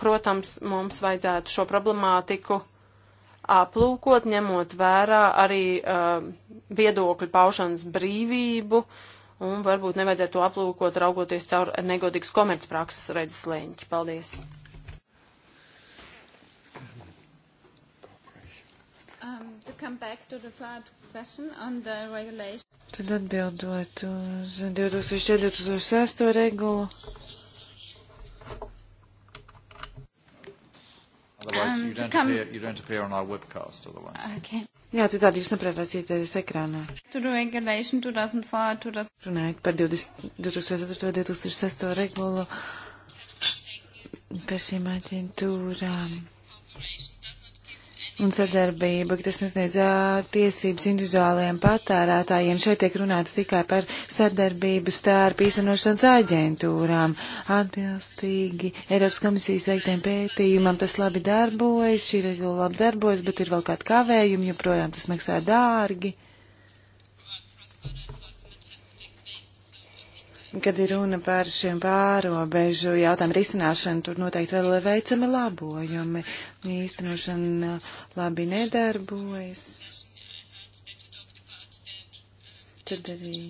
Speaker 2: protams, mums vajadzētu šo problemātiku aplūkot, ņemot vērā arī uh, viedokļu paušanas brīvību, un varbūt nevajadzētu to aplūkot, raugoties caur negodīgas komercprakses redzes lēņķi.
Speaker 3: Paldies! Um, to come back to the third question on the regulation. Tad atbildot uz 2004-2006 regulu.
Speaker 1: Otherwise, um, you, don't come... appear, you don't appear on our webcast
Speaker 3: otherwise. Okay. Jā, citādi jūs neprarādīsieties ekrānā. Runājot par 20, 2004. 2006. regulu par šīm aģentūrām. Um, un sadarbība, ka tas nesniedz tiesības individuāliem patērētājiem. Šeit tiek runāts tikai par sadarbību starp īstenošanas aģentūrām. Atbilstīgi Eiropas komisijas veiktiem pētījumam tas labi darbojas, šī regula labi darbojas, bet ir vēl kādi kavējumi, joprojām tas maksā dārgi. Uh, Kad ir runa par šiem pārobežu jautājumu risināšanu, tur noteikti vēl ir veicami labojumi. Īstenošana labi nedarbojas. Tad arī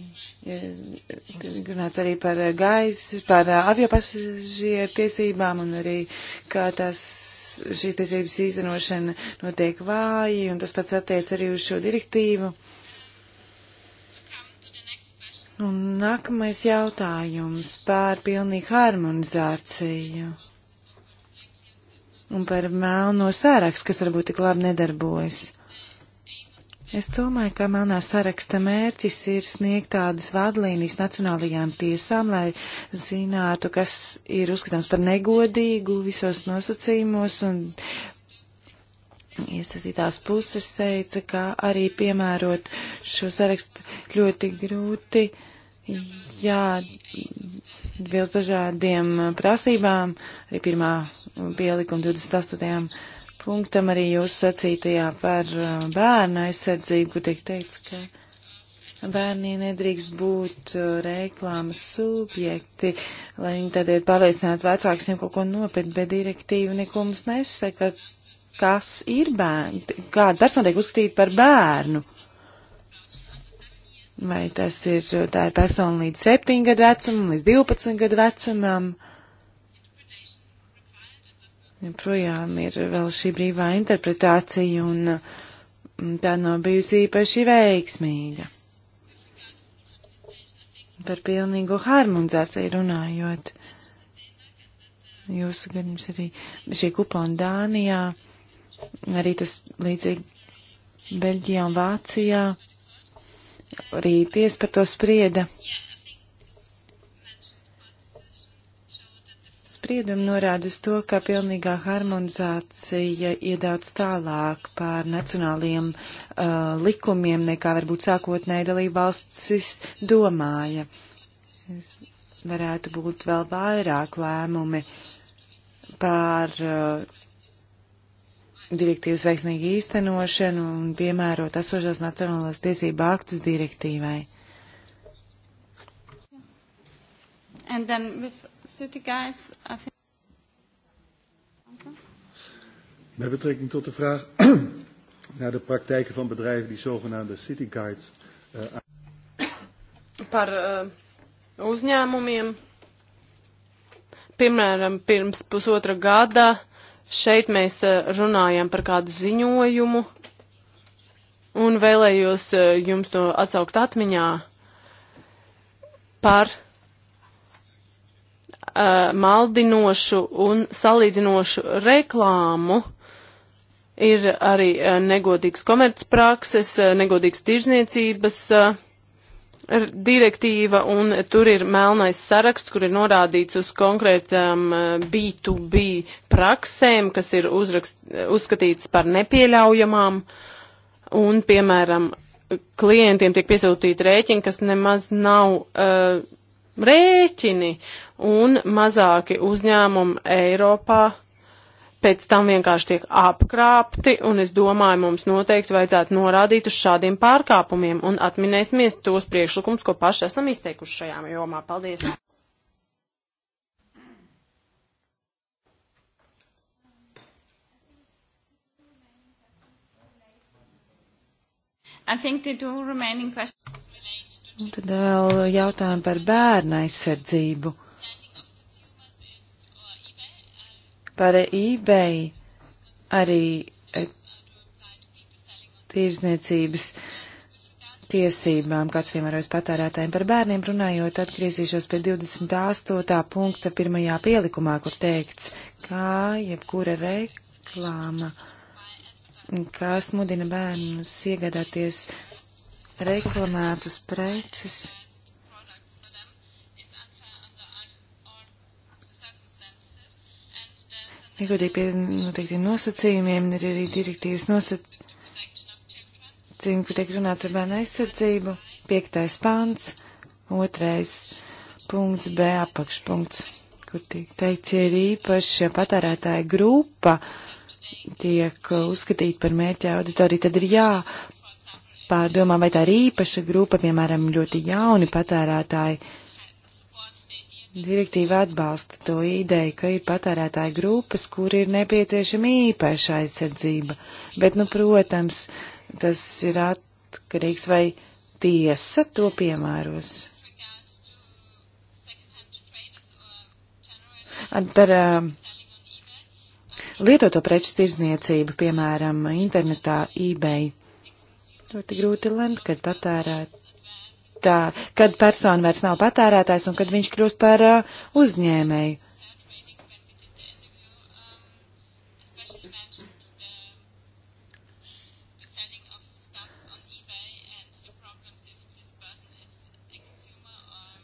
Speaker 3: runāts arī par gaisa, par aviopasažieru tiesībām un arī, kā tas, šīs tiesības īstenošana notiek vāji, un tas pats attiec arī uz šo direktīvu. Un nākamais jautājums par pilnīgu harmonizāciju un par melno sārakstu, kas varbūt tik labi nedarbojas. Es domāju, ka melnā saraksta mērķis ir sniegt tādas vadlīnijas nacionālajām tiesām, lai zinātu, kas ir uzskatāms par negodīgu visos nosacījumos un iesaistītās puses teica, ka arī piemērot šo sarakstu ļoti grūti uh, Jā, bilst dažādiem uh, prasībām, arī pirmā pielikuma 28. punktam, arī jūsu sacītajā par uh, bērnu aizsardzību, kur tiek teikts, ka bērni nedrīkst būt uh, reklāmas subjekti, lai viņi tādēļ pārliecinātu vecākus viņiem kaut ko nopirkt, bet direktīva neko mums nesaka, kas ir bērni, kāda persona tiek uzskatīta par bērnu. Vai tas ir, tā ir persona līdz 7 gadu vecumam, līdz 12 gadu vecumam? Joprojām ir vēl šī brīvā interpretācija un mm, tā nav bijusi īpaši veiksmīga. Par pilnīgu harmonizāciju runājot jūsu gadījums arī šī kupona Dānijā, arī tas līdzīgi Beļģijā un Vācijā arī ties par to sprieda. Spriedumi norāda uz to, ka pilnīgā harmonizācija ir daudz tālāk pār nacionāliem uh, likumiem, nekā varbūt sākotnēji dalība valstis domāja. Es varētu būt vēl vairāk lēmumi pār uh, direktīvas veiksmīgu īstenošanu un piemērot esošās nacionālās tiesība aktus direktīvai. And then with city guys, I think...
Speaker 1: Met betrekking tot de vraag naar de praktijken van bedrijven die zogenaamde city guides. Uh,
Speaker 2: Par uh, uzņēmumiem. Piemēram, pirms pusotra gada Šeit mēs eh, runājam par kādu ziņojumu un vēlējos eh, jums to atsaukt atmiņā par uh, maldinošu un salīdzinošu reklāmu. Ir arī uh, negodīgs komercprakses, uh, negodīgs tirzniecības. Uh, direktīva, un tur ir melnais saraksts, kur ir norādīts uz konkrētām B2B eh, praksēm, kas ir uzrakst, uzskatīts par nepieļaujamām, un, piemēram, klientiem tiek piesūtīti rēķini, kas nemaz nav uh, rēķini, un mazāki uzņēmumi Eiropā pēc tam vienkārši tiek apkrāpti, un es domāju, mums noteikti vajadzētu norādīt uz šādiem pārkāpumiem un atminēsimies tos priekšlikums, ko paši esam izteikuši šajā jomā. Paldies!
Speaker 3: Tad vēl jautājumu par bērnu aizsardzību. par eBay arī eh, tirzniecības tiesībām, kāds piemērojas patērētājiem par bērniem runājot, atgriezīšos pie 28. punkta pirmajā pielikumā, kur teikts, kā jebkura reklāma, kas mudina bērnus iegādāties reklamētas preces negodīgi pie noteiktiem nosacījumiem, ir arī direktīvas nosacījumi, kur tiek runāts par bērnu aizsardzību, piektais pāns, otrais punkts B apakšpunkts, kur tiek teikts, ja ir īpaši patērētāja grupa tiek uzskatīta par mērķa auditoriju, tad ir jāpārdomā, vai tā ir īpaša grupa, piemēram, ļoti jauni patērētāji Direktīva atbalsta to ideju, ka ir patērētāja grupas, kur ir nepieciešama īpaša aizsardzība, bet, nu, protams, tas ir atkarīgs vai tiesa to piemēros. At par uh, lietoto preču tirzniecību, piemēram, internetā eBay. Ļoti grūti lemt, kad patērēt vietā, kad persona vairs nav patērētājs un kad viņš kļūst par uh, uzņēmēju.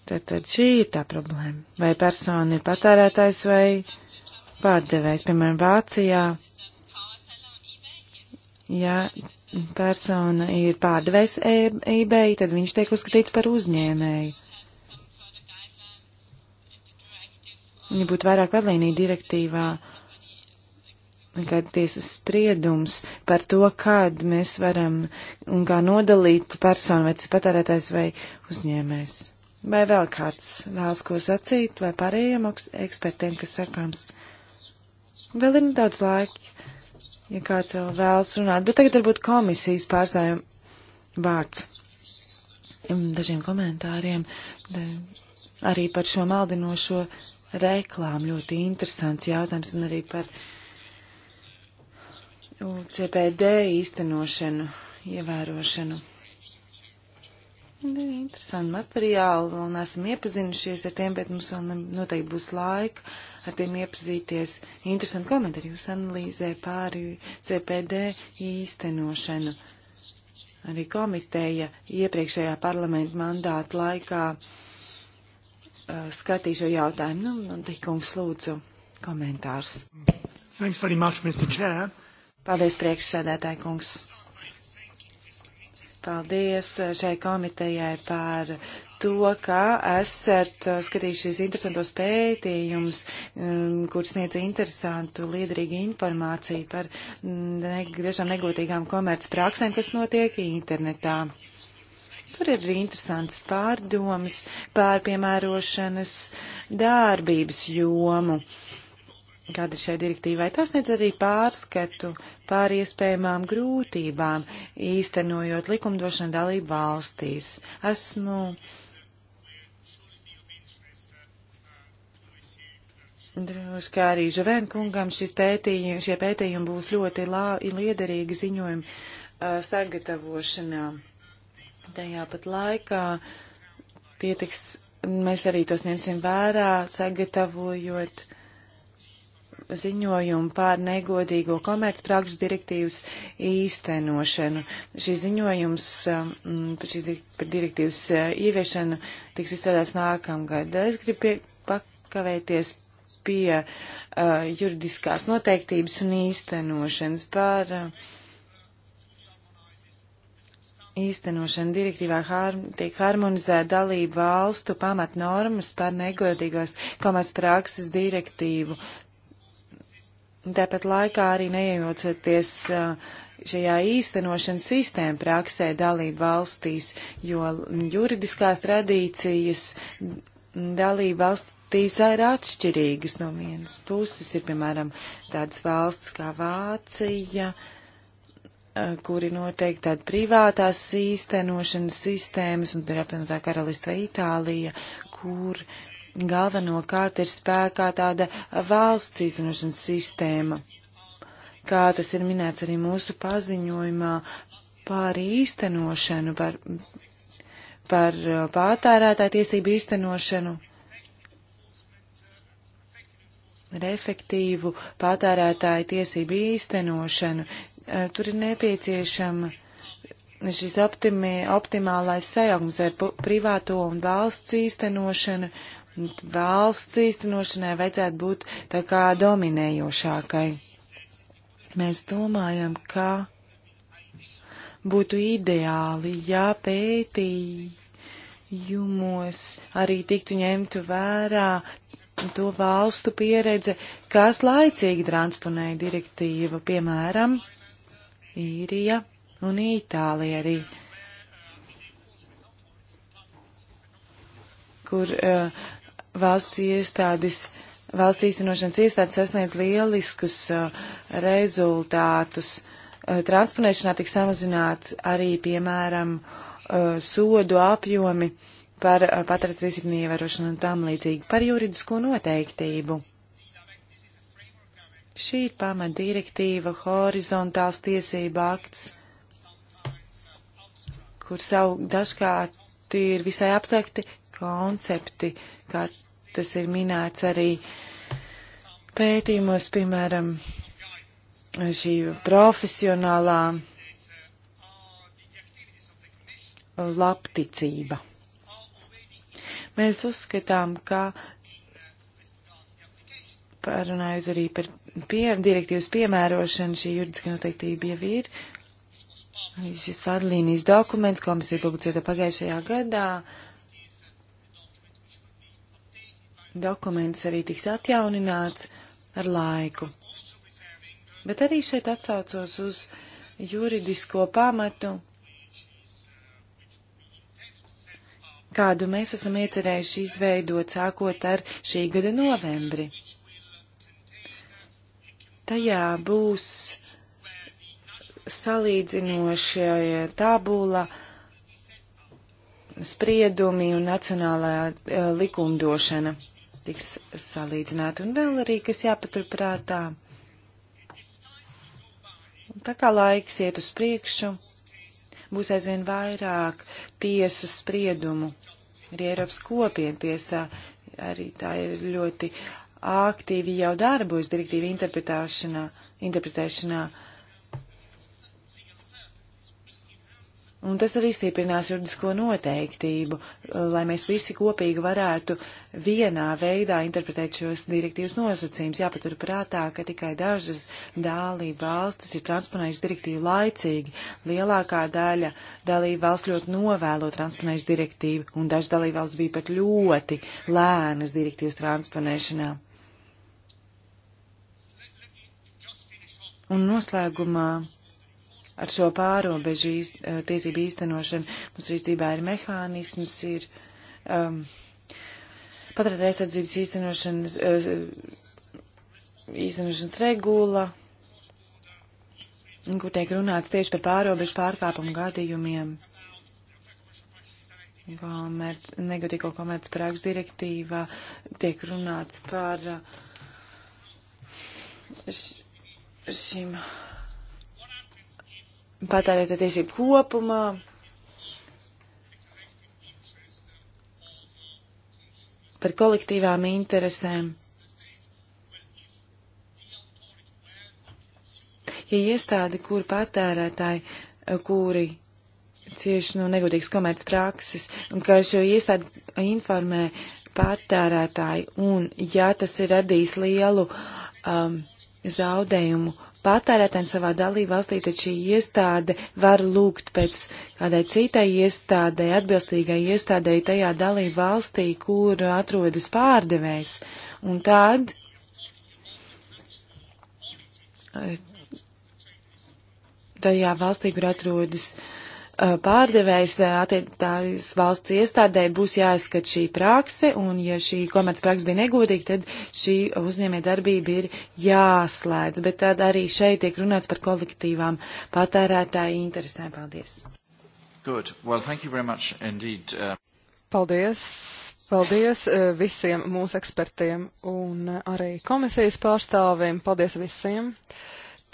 Speaker 3: Tad, tad šī ir tā problēma. Vai persona ir patērētājs vai pārdevējs, piemēram, Vācijā. Ja persona ir pārdevējs e, eBay, tad viņš tiek uzskatīts par uzņēmēju. Ja būtu vairāk vadlīnija direktīvā, kad tiesas spriedums par to, kad mēs varam un kā nodalīt personu, vai tas ir patērētājs vai uzņēmējs. Vai vēl kāds vēlas ko sacīt, vai pārējiem ekspertiem, kas sakāms? Vēl ir nedaudz laika ja kāds vēl vēlas runāt. Bet tagad varbūt komisijas pārstāvjiem vārds dažiem komentāriem da, arī par šo maldinošo reklāmu. Ļoti interesants jautājums un arī par CPD īstenošanu, ievērošanu. Bija interesanti materiāli, vēl neesam iepazinušies ar tiem, bet mums vēl noteikti būs laika ar tiem iepazīties. Interesanti komentāri jūs analīzē pāri CPD īstenošanu. Arī komiteja iepriekšējā parlamenta mandāta laikā uh, skatīja šo jautājumu. Nu, un nu, tikums lūdzu komentārs. Thanks very much, Mr. Chair. Paldies, priekšsēdētāji kungs. Paldies uh, šai komitejai par to, kā esat uh, skatījušies interesantos pētījumus, um, kur sniedz interesantu, liederīgu informāciju par mm, ne, dažām negotīgām komerces praksēm, kas notiek internetā. Tur ir arī interesants pārdomas pār piemērošanas dārbības jomu. Kāda ir šai direktīvai? Tas nedz arī pārskatu pār iespējamām grūtībām, īstenojot likumdošanu dalību valstīs. Esmu nu, Droši kā arī Žavēnkungam šis pētījums, šie pētījumi būs ļoti lā, liederīgi ziņojumi uh, sagatavošanā. Tajā pat laikā tie tiks, mēs arī tos ņemsim vērā, sagatavojot ziņojumu pār negodīgo komercprakšu direktīvas īstenošanu. Šī ziņojums par šīs direktīvas ieviešanu tiks izstrādāts nākamgad. Es gribu pie, pakavēties pie uh, juridiskās noteiktības un īstenošanas par uh, īstenošanu direktīvā har tiek harmonizēta dalību valstu pamatnormas par negodīgās komercprakses direktīvu. Tāpat laikā arī neiejaucoties uh, šajā īstenošanas sistēma praksē dalību valstīs, jo juridiskās tradīcijas dalību valstu Tīs ir atšķirīgas no vienas puses. Ir, piemēram, tādas valsts kā Vācija, eh, kuri noteikti tāda privātās īstenošanas sistēmas, un ir apvienotā karalista vai Itālija, kur galvenokārt ir spēkā tāda valsts īstenošanas sistēma. Kā tas ir minēts arī mūsu paziņojumā par īstenošanu, par, par eh, pārtērētāju tiesību īstenošanu ar efektīvu patērētāju tiesību īstenošanu. Eh, tur ir nepieciešama šis optimi, optimālais sajaukums ar privāto un valsts īstenošanu. Valsts īstenošanai vajadzētu būt tā kā dominējošākai. Mēs domājam, ka būtu ideāli, ja pētījumos arī tiktu ņemtu vērā to valstu pieredze, kas laicīgi transponēja direktīvu, piemēram, Īrija un Itālija arī, kur uh, valsts iestādes, valsts īstenošanas iestādes sasniedz lieliskus uh, rezultātus. Uh, transponēšanā tik samazināts arī, piemēram, uh, sodu apjomi. Uh, par eh, patriotismu ievērošanu un tam līdzīgi par juridisko noteiktību. Šī ir pamat direktīva, horizontāls tiesība akts, kur savu dažkārt ir visai abstrakti koncepti, kā tas ir minēts arī pētījumos, piemēram, šī profesionālā labticība. Mēs uzskatām, ka parunājot arī par pie, direktīvas piemērošanu, šī juridiska noteiktība jau ir. Šis vadlīnijas dokuments komisija publicēta pagājušajā gadā. Dokuments arī tiks atjaunināts ar laiku. Bet arī šeit atsaucos uz juridisko pamatu kādu mēs esam iecerējuši izveidot sākot ar šī gada novembri. Tajā būs salīdzinošie tabula spriedumi un nacionālā uh, likumdošana tiks salīdzināta. Un vēl arī, kas jāpaturprātā, tā kā laiks iet uz priekšu, būs aizvien vairāk tiesu spriedumu Arī Eiropas kopientiesā arī tā ir ļoti aktīvi jau darbojas direktīva interpretēšanā. interpretēšanā. Uh, Un tas arī stiprinās juridisko noteiktību, lai mēs visi kopīgi varētu vienā veidā interpretēt šos direktīvas nosacījumus. Jāpatur prātā, ka tikai dažas dalība valstis ir transponējuši direktīvu laicīgi. Lielākā daļa dalība valsts ļoti novēlo transponējuši direktīvu, un dažas dalība valsts bija pat ļoti lēnas direktīvas transponēšanā. Un noslēgumā ar šo pārobežu īst, eh, tiesību īstenošanu. Mums rīcībā ir mehānisms, ir um, patratē aizsardzības īstenošanas, uh, īstenošanas regula, kur tiek runāts tieši par pārobežu pārkāpumu gadījumiem. Komer, negatīvo komerces prāks direktīvā tiek runāts par uh, eh, šīm patērēta tiesība kopumā. Par kolektīvām interesēm. Ja iestādi, kur patērētāji, kuri cieši no negodīgas komerces prakses, un ka šo iestādi informē patērētāji, un ja tas ir radījis lielu um, zaudējumu patērētājiem savā dalībvalstī, tad šī iestāde var lūgt pēc kādai citai iestādei, atbilstīgai iestādei tajā dalībvalstī, kur atrodas pārdevējs. Un tad eh, tajā valstī, kur atrodas uh, Uh, pārdevējs uh, attiecīgās valsts iestādē būs jāizskat šī prakse, un ja šī komercprakse bija negodīga, tad šī uzņēmē darbība ir jāslēdz. Bet tad arī šeit tiek runāts par kolektīvām patērētāju interesēm. Paldies!
Speaker 1: Good. Well, thank you very much indeed. Uh...
Speaker 3: Paldies!
Speaker 4: Paldies uh, visiem mūsu ekspertiem un arī komisijas pārstāvim. Paldies visiem!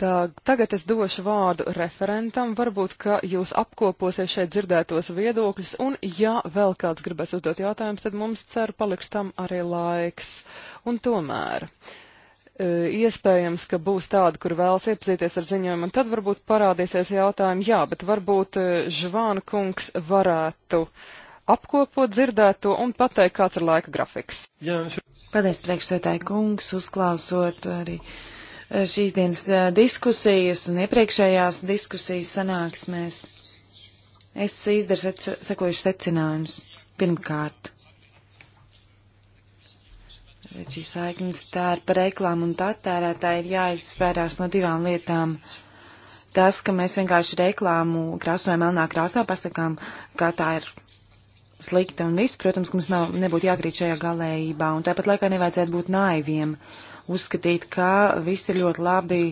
Speaker 4: Tā, tagad es došu vārdu referentam, varbūt, ka jūs apkoposiet šeit dzirdētos viedokļus, un ja vēl kāds gribēs uzdot jautājumus, tad mums cer paliks tam arī laiks. Un tomēr, e, iespējams, ka būs tāda, kur vēlas iepazīties ar ziņojumu, un tad varbūt parādīsies jautājumi, jā, bet varbūt e, Žvāna kungs varētu apkopot dzirdēto un
Speaker 3: pateikt, kāds ir laika grafiks. Jā, Paldies, priekšsētāji kungs, uzklausot arī. Uh, šīs dienas diskusijas un iepriekšējās diskusijas sanāksmēs es izdaru sekojuši secinājumus. Pirmkārt, šī saiknes starp reklāmu un patērētāju ir jāizsvērās no divām lietām. Tas, ka mēs vienkārši reklāmu krāsojam melnā krāsā, pasakām, ka tā ir slikta un viss, protams, ka mums nav, nebūtu jākrīt šajā galējībā, un tāpat laikā nevajadzētu būt naiviem. Uh, uzskatīt, ka viss ir ļoti labi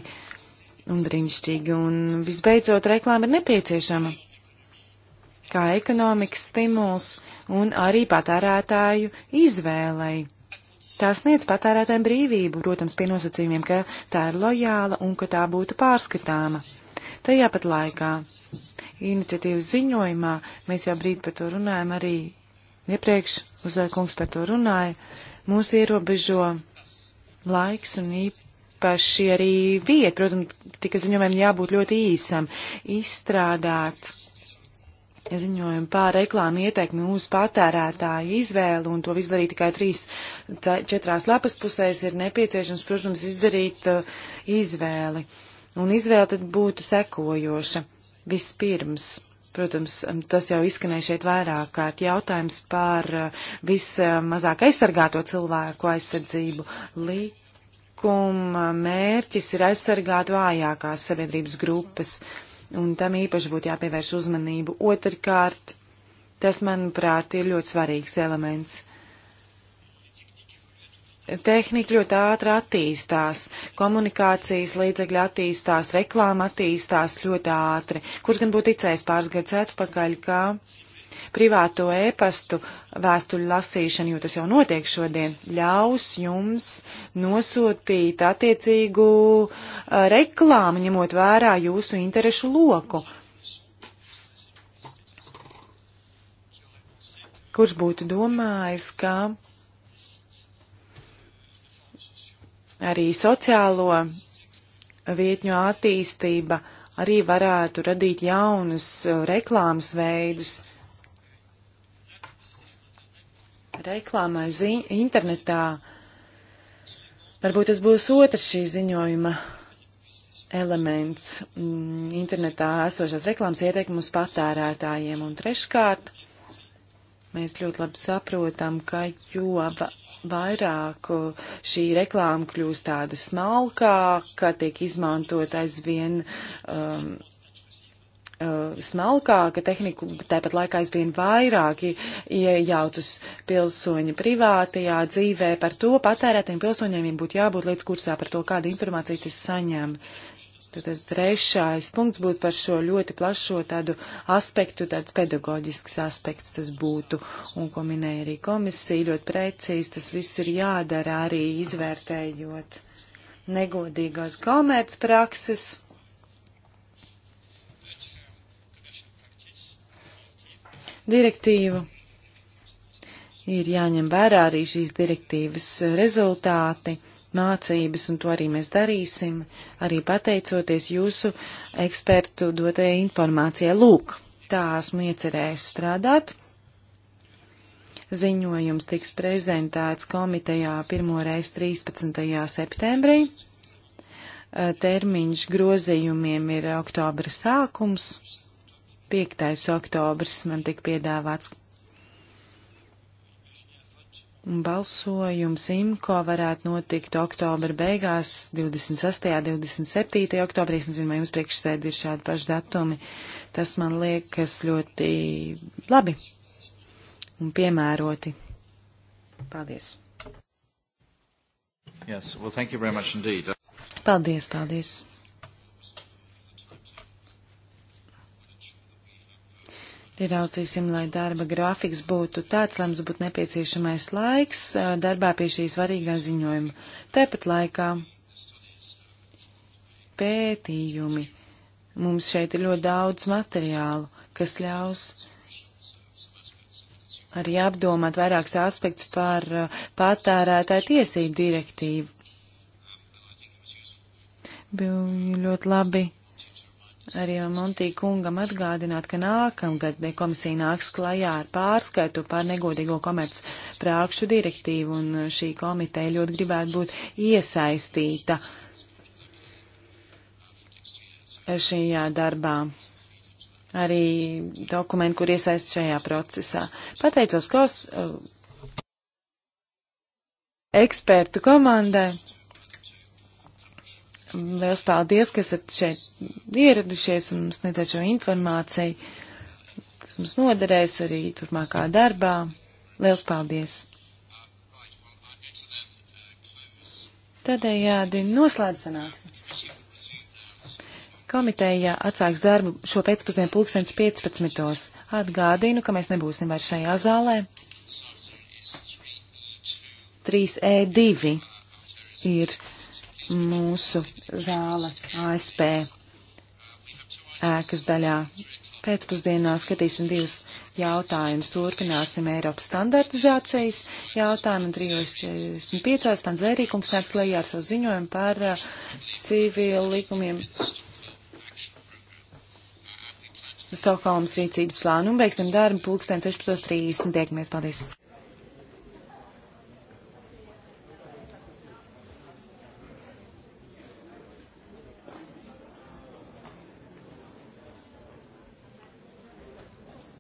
Speaker 3: un brīnišķīgi. Un visbeidzot, reklāma ir nepieciešama kā ekonomikas stimuls un arī patērētāju izvēlei. Tā sniedz patērētājiem brīvību, protams, pie nosacījumiem, ka tā ir lojāla un ka tā būtu pārskatāma. Tajā pat laikā iniciatīvas ziņojumā mēs jau brīdi par to runājam arī iepriekš, uzvērkungs par to runāja, mūs ierobežo laiks un īpaši arī vieta. Protams, tika ziņojumiem jābūt ļoti īsam. Izstrādāt ziņojumu pār reklāmu ieteikumu uz patērētāju izvēlu un to izdarīt tikai trīs, četrās lapas pusēs ir nepieciešams, protams, izdarīt uh, izvēli. Un izvēle tad būtu sekojoša. Vispirms Protams, tas jau izskanēja šeit vairāk kārt jautājums par eh, vismazāk aizsargāto cilvēku aizsardzību. Likuma mērķis ir aizsargāt vājākās sabiedrības grupas, un tam īpaši būtu jāpievērš uzmanību. Otrkārt, tas, manuprāt, ir ļoti svarīgs elements Tehnika ļoti ātri attīstās, komunikācijas līdzekļi attīstās, reklāma attīstās ļoti ātri. Kurš gan būtu ticējis pāris gadus atpakaļ, ka privāto ēpastu vēstuļu lasīšana, jo tas jau notiek šodien, ļaus jums nosūtīt attiecīgu uh, reklāmu, ņemot vērā jūsu interešu loku. Kurš būtu domājis, ka arī sociālo vietņu attīstība arī varētu radīt jaunus uh, reklāmas veidus. Reklāmai internetā. Varbūt tas būs otrs šī ziņojuma elements mm, - internetā esošās reklāmas ieteikumu uz patērētājiem. Un treškārt, mēs ļoti labi saprotam, ka jo vairāk šī reklāma kļūst tāda smalkāka, tiek izmantot aizvien um, uh, smalkāka tehnika, tāpat laikā aizvien vairāk iejaucas pilsoņa privātajā dzīvē. Par to patērētiem pilsoņiem būtu jābūt līdz kursā par to, kādu informāciju tas saņem. Tātad trešais punkts būtu par šo ļoti plašo tādu aspektu, tāds pedagoģisks aspekts tas būtu, un ko minēja arī komisija, ļoti precīzi tas viss ir jādara arī izvērtējot negodīgās komercprakses. Direktīvu ir jāņem vērā arī šīs direktīvas rezultāti mācības, un to arī mēs darīsim, arī pateicoties jūsu ekspertu dotajai informācijai. Lūk, tā esmu iecerējis strādāt. Ziņojums tiks prezentēts komitejā pirmoreiz 13. septembrī. Termiņš grozījumiem ir oktobra sākums. 5. oktobrs man tika piedāvāts Balsojums IMCO varētu notikt oktobra beigās, 26. un 27. oktobrī. Es nezinu, vai jums priekšsēdi ir šādi paši datumi. Tas man liekas ļoti labi un piemēroti. Paldies!
Speaker 1: Yes, well, thank you very much indeed.
Speaker 3: Paldies, paldies! Ieraudzīsim, lai darba grafiks būtu tāds, lai mums būtu nepieciešamais laiks darbā pie šī svarīgā ziņojuma. Tāpat laikā pētījumi. Mums šeit ir ļoti daudz materiālu, kas ļaus arī apdomāt vairākus aspektus par patērētāju tiesību direktīvu. Bija ļoti labi arī Montī kungam atgādināt, ka nākamgad komisija nāks klajā ar pārskaitu pār negodīgo komercu prākšu direktīvu, un šī komiteja ļoti gribētu būt iesaistīta šajā darbā. Arī dokumenti, kur iesaist šajā procesā. Pateicos kos, uh, ekspertu komandai. Liels paldies, ka esat šeit ieradušies un mums sniedzat šo informāciju, kas mums noderēs arī turpmākā darbā. Liels paldies! Tādējādi noslēdz sanāksmi. Komiteja atsāks darbu šo pēcpusdienu pulkstens 15. Atgādinu, ka mēs nebūsim vairs šajā zālē. 3E2 ir mūsu zāle ASP ēkas daļā. Pēcpusdienā skatīsim divus jautājumus. Turpināsim Eiropas standartizācijas jautājumu. 3.45. Tanzērīkums nāks lejā ar savu ziņojumu par civilu likumiem. Stokholmas rīcības plānu un beigsim darbu pulksten 16.30. Tiekamies, paldies!